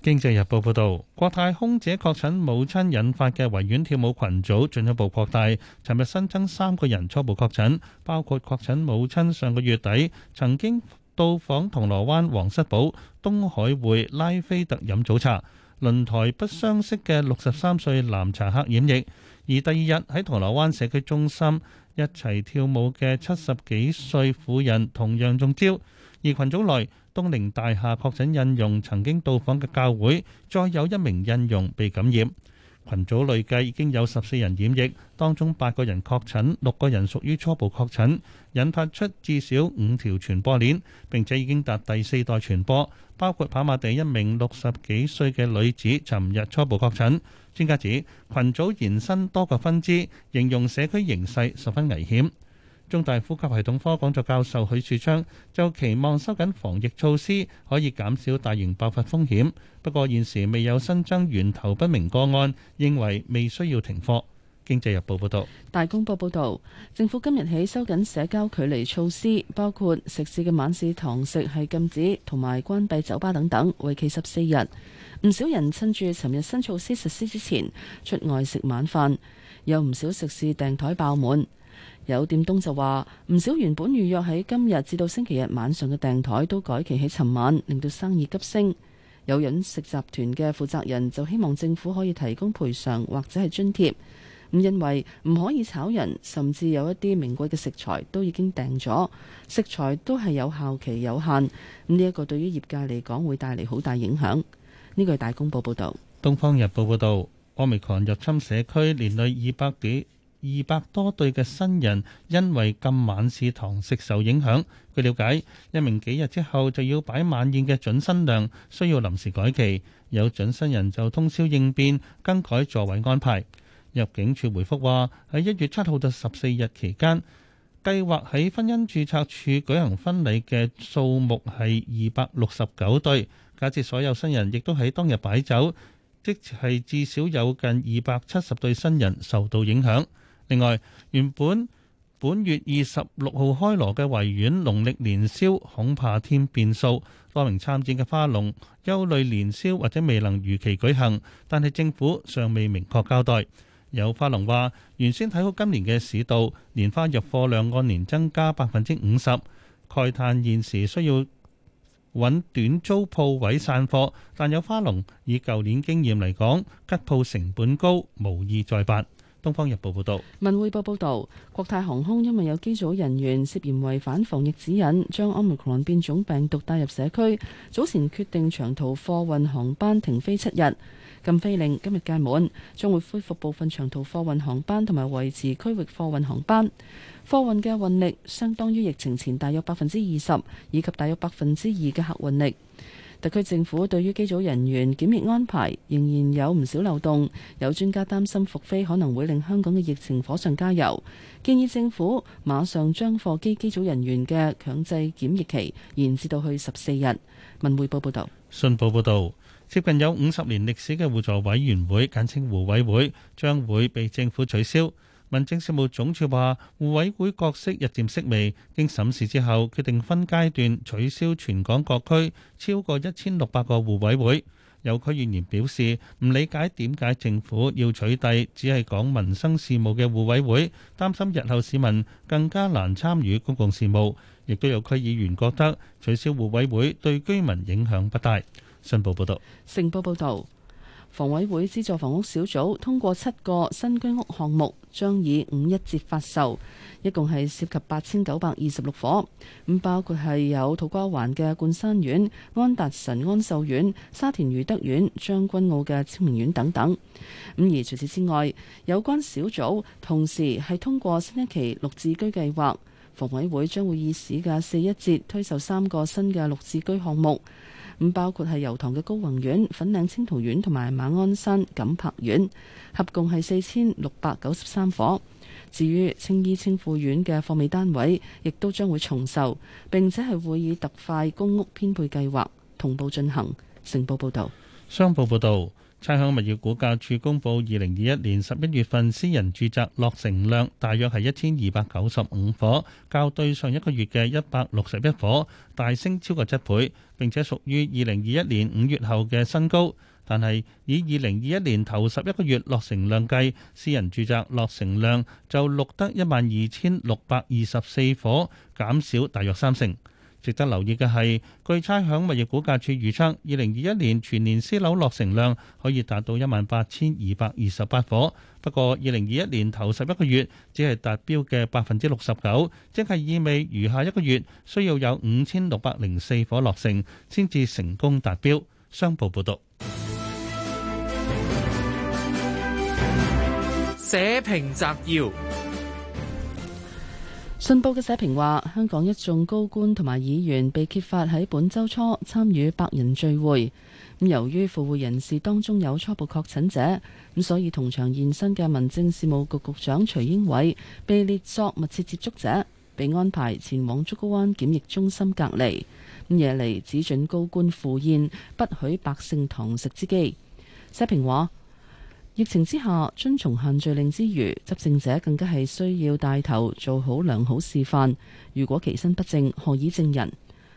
經濟日報報導，國泰空姐確診母親引發嘅維園跳舞群組進一步擴大，尋日新增三個人初步確診，包括確診母親上個月底曾經到訪銅鑼灣皇室堡東海匯拉菲特飲早茶。輪台不相識嘅六十三歲藍茶客染疫，而第二日喺銅鑼灣社區中心一齊跳舞嘅七十幾歲婦人同樣中招，而群組內東寧大廈確診印傭曾經到訪嘅教會，再有一名印傭被感染。群組累計已經有十四人染疫，當中八個人確診，六個人屬於初步確診，引發出至少五條傳播鏈，並且已經達第四代傳播，包括跑馬地一名六十幾歲嘅女子，尋日初步確診。專家指群組延伸多個分支，形容社區形勢十分危險。中大呼吸系統科講座教授許樹昌就期望收緊防疫措施可以減少大型爆發風險，不過現時未有新增源頭不明個案，認為未需要停課。經濟日報報導，大公報報導，政府今日起收緊社交距離措施，包括食肆嘅晚市堂食係禁止同埋關閉酒吧等等，為期十四日。唔少人趁住尋日新措施實施之前出外食晚飯，有唔少食肆訂枱爆滿。有店東就話：唔少原本預約喺今日至到星期日晚上嘅訂台都改期喺尋晚，令到生意急升。有飲食集團嘅負責人就希望政府可以提供賠償或者係津貼，唔認為唔可以炒人，甚至有一啲名貴嘅食材都已經訂咗，食材都係有效期有限。呢一個對於業界嚟講會帶嚟好大影響。呢個係《大公報》報導，《東方日報》報導，奧密克戎入侵社區，年累二百幾。二百多對嘅新人因為今晚市堂食受影響。據了解，一名幾日之後就要擺晚宴嘅準新娘需要臨時改期，有準新人就通宵應變，更改座位安排。入境處回覆話：喺一月七號到十四日期間，計劃喺婚姻註冊處舉行婚禮嘅數目係二百六十九對，假設所有新人亦都喺當日擺酒，即係至少有近二百七十對新人受到影響。另外，原本本月二十六號開鑼嘅維園農曆年宵恐怕添變數，多名參展嘅花農憂慮年宵或者未能如期舉行，但係政府尚未明確交代。有花農話原先睇好今年嘅市道，年花入貨量按年增加百分之五十，慨嘆現時需要揾短租鋪位散貨。但有花農以舊年經驗嚟講吉鋪成本高，無意再辦。東方日報報道，文匯報報道，國泰航空因為有機組人員涉嫌違反防疫指引，將奧密克戎變種病毒帶入社區，早前決定長途貨運航班停飛七日禁飛令今日屆滿，將會恢復部分長途貨運航班，同埋維持區域貨運航班貨運嘅運力相當於疫情前大約百分之二十，以及大約百分之二嘅客運力。特區政府對於機組人員檢疫安排仍然有唔少漏洞，有專家擔心復飛可能會令香港嘅疫情火上加油，建議政府馬上將貨機機組人員嘅強制檢疫期延至到去十四日。文匯報報道：「信報報道，接近有五十年歷史嘅互助委員會（簡稱互委會）將會被政府取消。民政事務總署話，互委會角色日漸式微，經審視之後，決定分階段取消全港各區超過一千六百個互委會。有區議員表示唔理解點解政府要取締只係講民生事務嘅互委會，擔心日後市民更加難參與公共事務。亦都有區議員覺得取消互委會對居民影響不大。信報報道，成報報道。房委會資助房屋小組通過七個新居屋項目，將以五一折發售，一共係涉及八千九百二十六伙，咁包括係有土瓜灣嘅冠山苑、安達臣安秀苑、沙田裕德苑、將軍澳嘅清明苑等等。咁而除此之外，有關小組同時係通過新一期綠置居計劃，房委會將會以市價四一折推售三個新嘅綠置居項目。咁包括係油塘嘅高宏苑、粉嶺清濤苑同埋馬鞍山錦柏苑，合共係四千六百九十三伙。至於青衣青富苑嘅貨尾單位，亦都將會重售，並且係會以特快公屋編配計劃同步進行。成報報導，商報報道。差餉物業估價署公佈，二零二一年十一月份私人住宅落成量大約係一千二百九十五伙，較對上一個月嘅一百六十一伙大升超過七倍，並且屬於二零二一年五月後嘅新高。但係以二零二一年頭十一個月落成量計，私人住宅落成量就錄得一萬二千六百二十四伙，減少大約三成。值得留意嘅係，據差餉物業估價署預測，二零二一年全年私樓落成量可以達到一萬八千二百二十八伙。不過，二零二一年頭十一個月只係達標嘅百分之六十九，即係意味餘下一個月需要有五千六百零四伙落成，先至成功達標。商報報道。社評摘要。信報嘅社評話：香港一眾高官同埋議員被揭發喺本周初參與百人聚會，咁由於赴會人士當中有初步確診者，咁所以同場現身嘅民政事務局局長徐英偉被列作密切接觸者，被安排前往竹篙灣檢疫中心隔離。咁惹嚟只准高官赴宴，不許百姓堂食之機。社評話。疫情之下，遵從限聚令之餘，執政者更加係需要帶頭做好良好示範。如果其身不正，何以正人？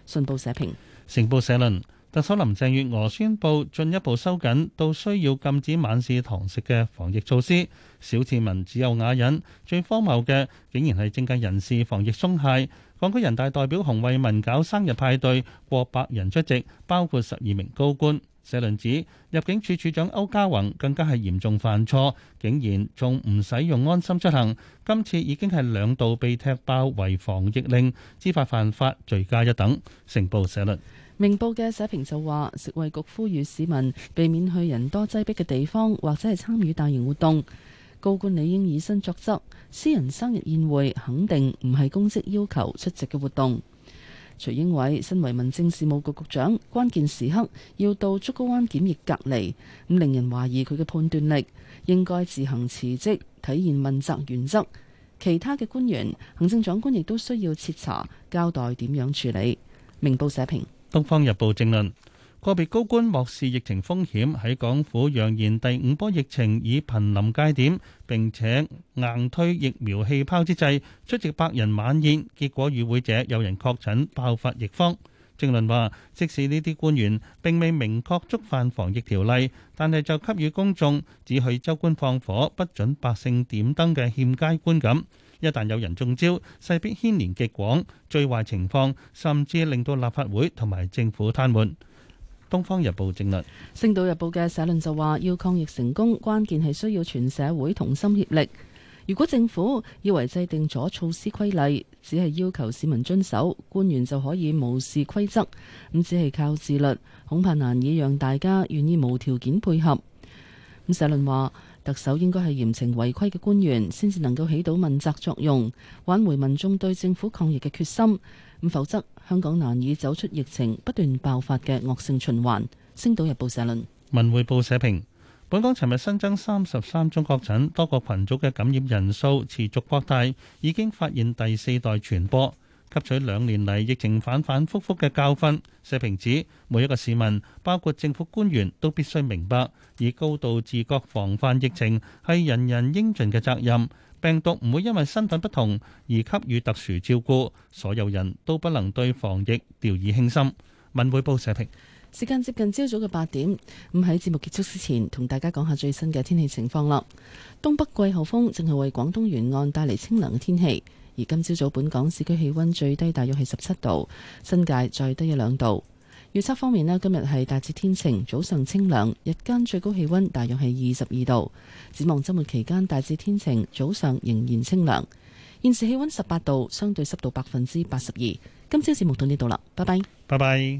信報社評。成報社論。特首林鄭月娥宣布進一步收緊到需要禁止晚市堂食嘅防疫措施。小市民只有啞忍，最荒謬嘅竟然係政界人士防疫鬆懈。港區人大代表洪為民搞生日派對，過百人出席，包括十二名高官。社論指入境處處長歐家宏更加係嚴重犯錯，竟然仲唔使用安心出行，今次已經係兩度被踢爆違防疫令，知法犯法，罪加一等。成報社論。明報嘅社評就話，食衞局呼籲市民避免去人多擠迫嘅地方，或者係參與大型活動。高官理應以身作則，私人生日宴會肯定唔係公職要求出席嘅活動。徐英偉身為民政事務局局長，關鍵時刻要到竹篙灣檢疫隔離，咁令人懷疑佢嘅判斷力，應該自行辭職，體現問責原則。其他嘅官員、行政長官亦都需要徹查交代，點樣處理？明報社評，《東方日報》正論。個別高官漠視疫情風險，喺港府揚言第五波疫情已瀕臨臨界點，並且硬推疫苗氣泡之際，出席百人晚宴，結果與會者有人確診爆發疫方。政論話，即使呢啲官員並未明確觸犯防疫條例，但係就給予公眾只許州官放火，不准百姓點燈嘅欠佳觀感。一旦有人中招，勢必牽連極廣，最壞情況甚至令到立法會同埋政府癱瘓。《東方日報》正論，《星島日報》嘅社論就話：要抗疫成功，關鍵係需要全社會同心協力。如果政府以為制定咗措施規例，只係要求市民遵守，官員就可以無視規則，咁只係靠自律，恐怕難以讓大家願意無條件配合。咁社論話，特首應該係嚴懲違規嘅官員，先至能夠起到問責作用，挽回民眾對政府抗疫嘅決心。咁否則香港難以走出疫情不斷爆發嘅惡性循環。星島日報社論、文匯報社評：本港尋日新增三十三宗確診，多個群組嘅感染人數持續擴大，已經發現第四代傳播，吸取兩年嚟疫情反反复复嘅教訓。社評指，每一個市民，包括政府官員，都必須明白，以高度自覺防範疫情係人人應盡嘅責任。病毒唔會因為身份不同而給予特殊照顧，所有人都不能對防疫掉以輕心。文匯報社評，時間接近朝早嘅八點，咁喺節目結束之前，同大家講下最新嘅天氣情況啦。東北季候風正係為廣東沿岸帶嚟清涼嘅天氣，而今朝早本港市區氣溫最低大約係十七度，新界再低一兩度。預測方面咧，今日係大致天晴，早上清涼，日間最高氣溫大約係二十二度。展望周末期間，大致天晴，早上仍然清涼。現時氣溫十八度，相對濕度百分之八十二。今朝節目到呢度啦，拜拜，拜拜。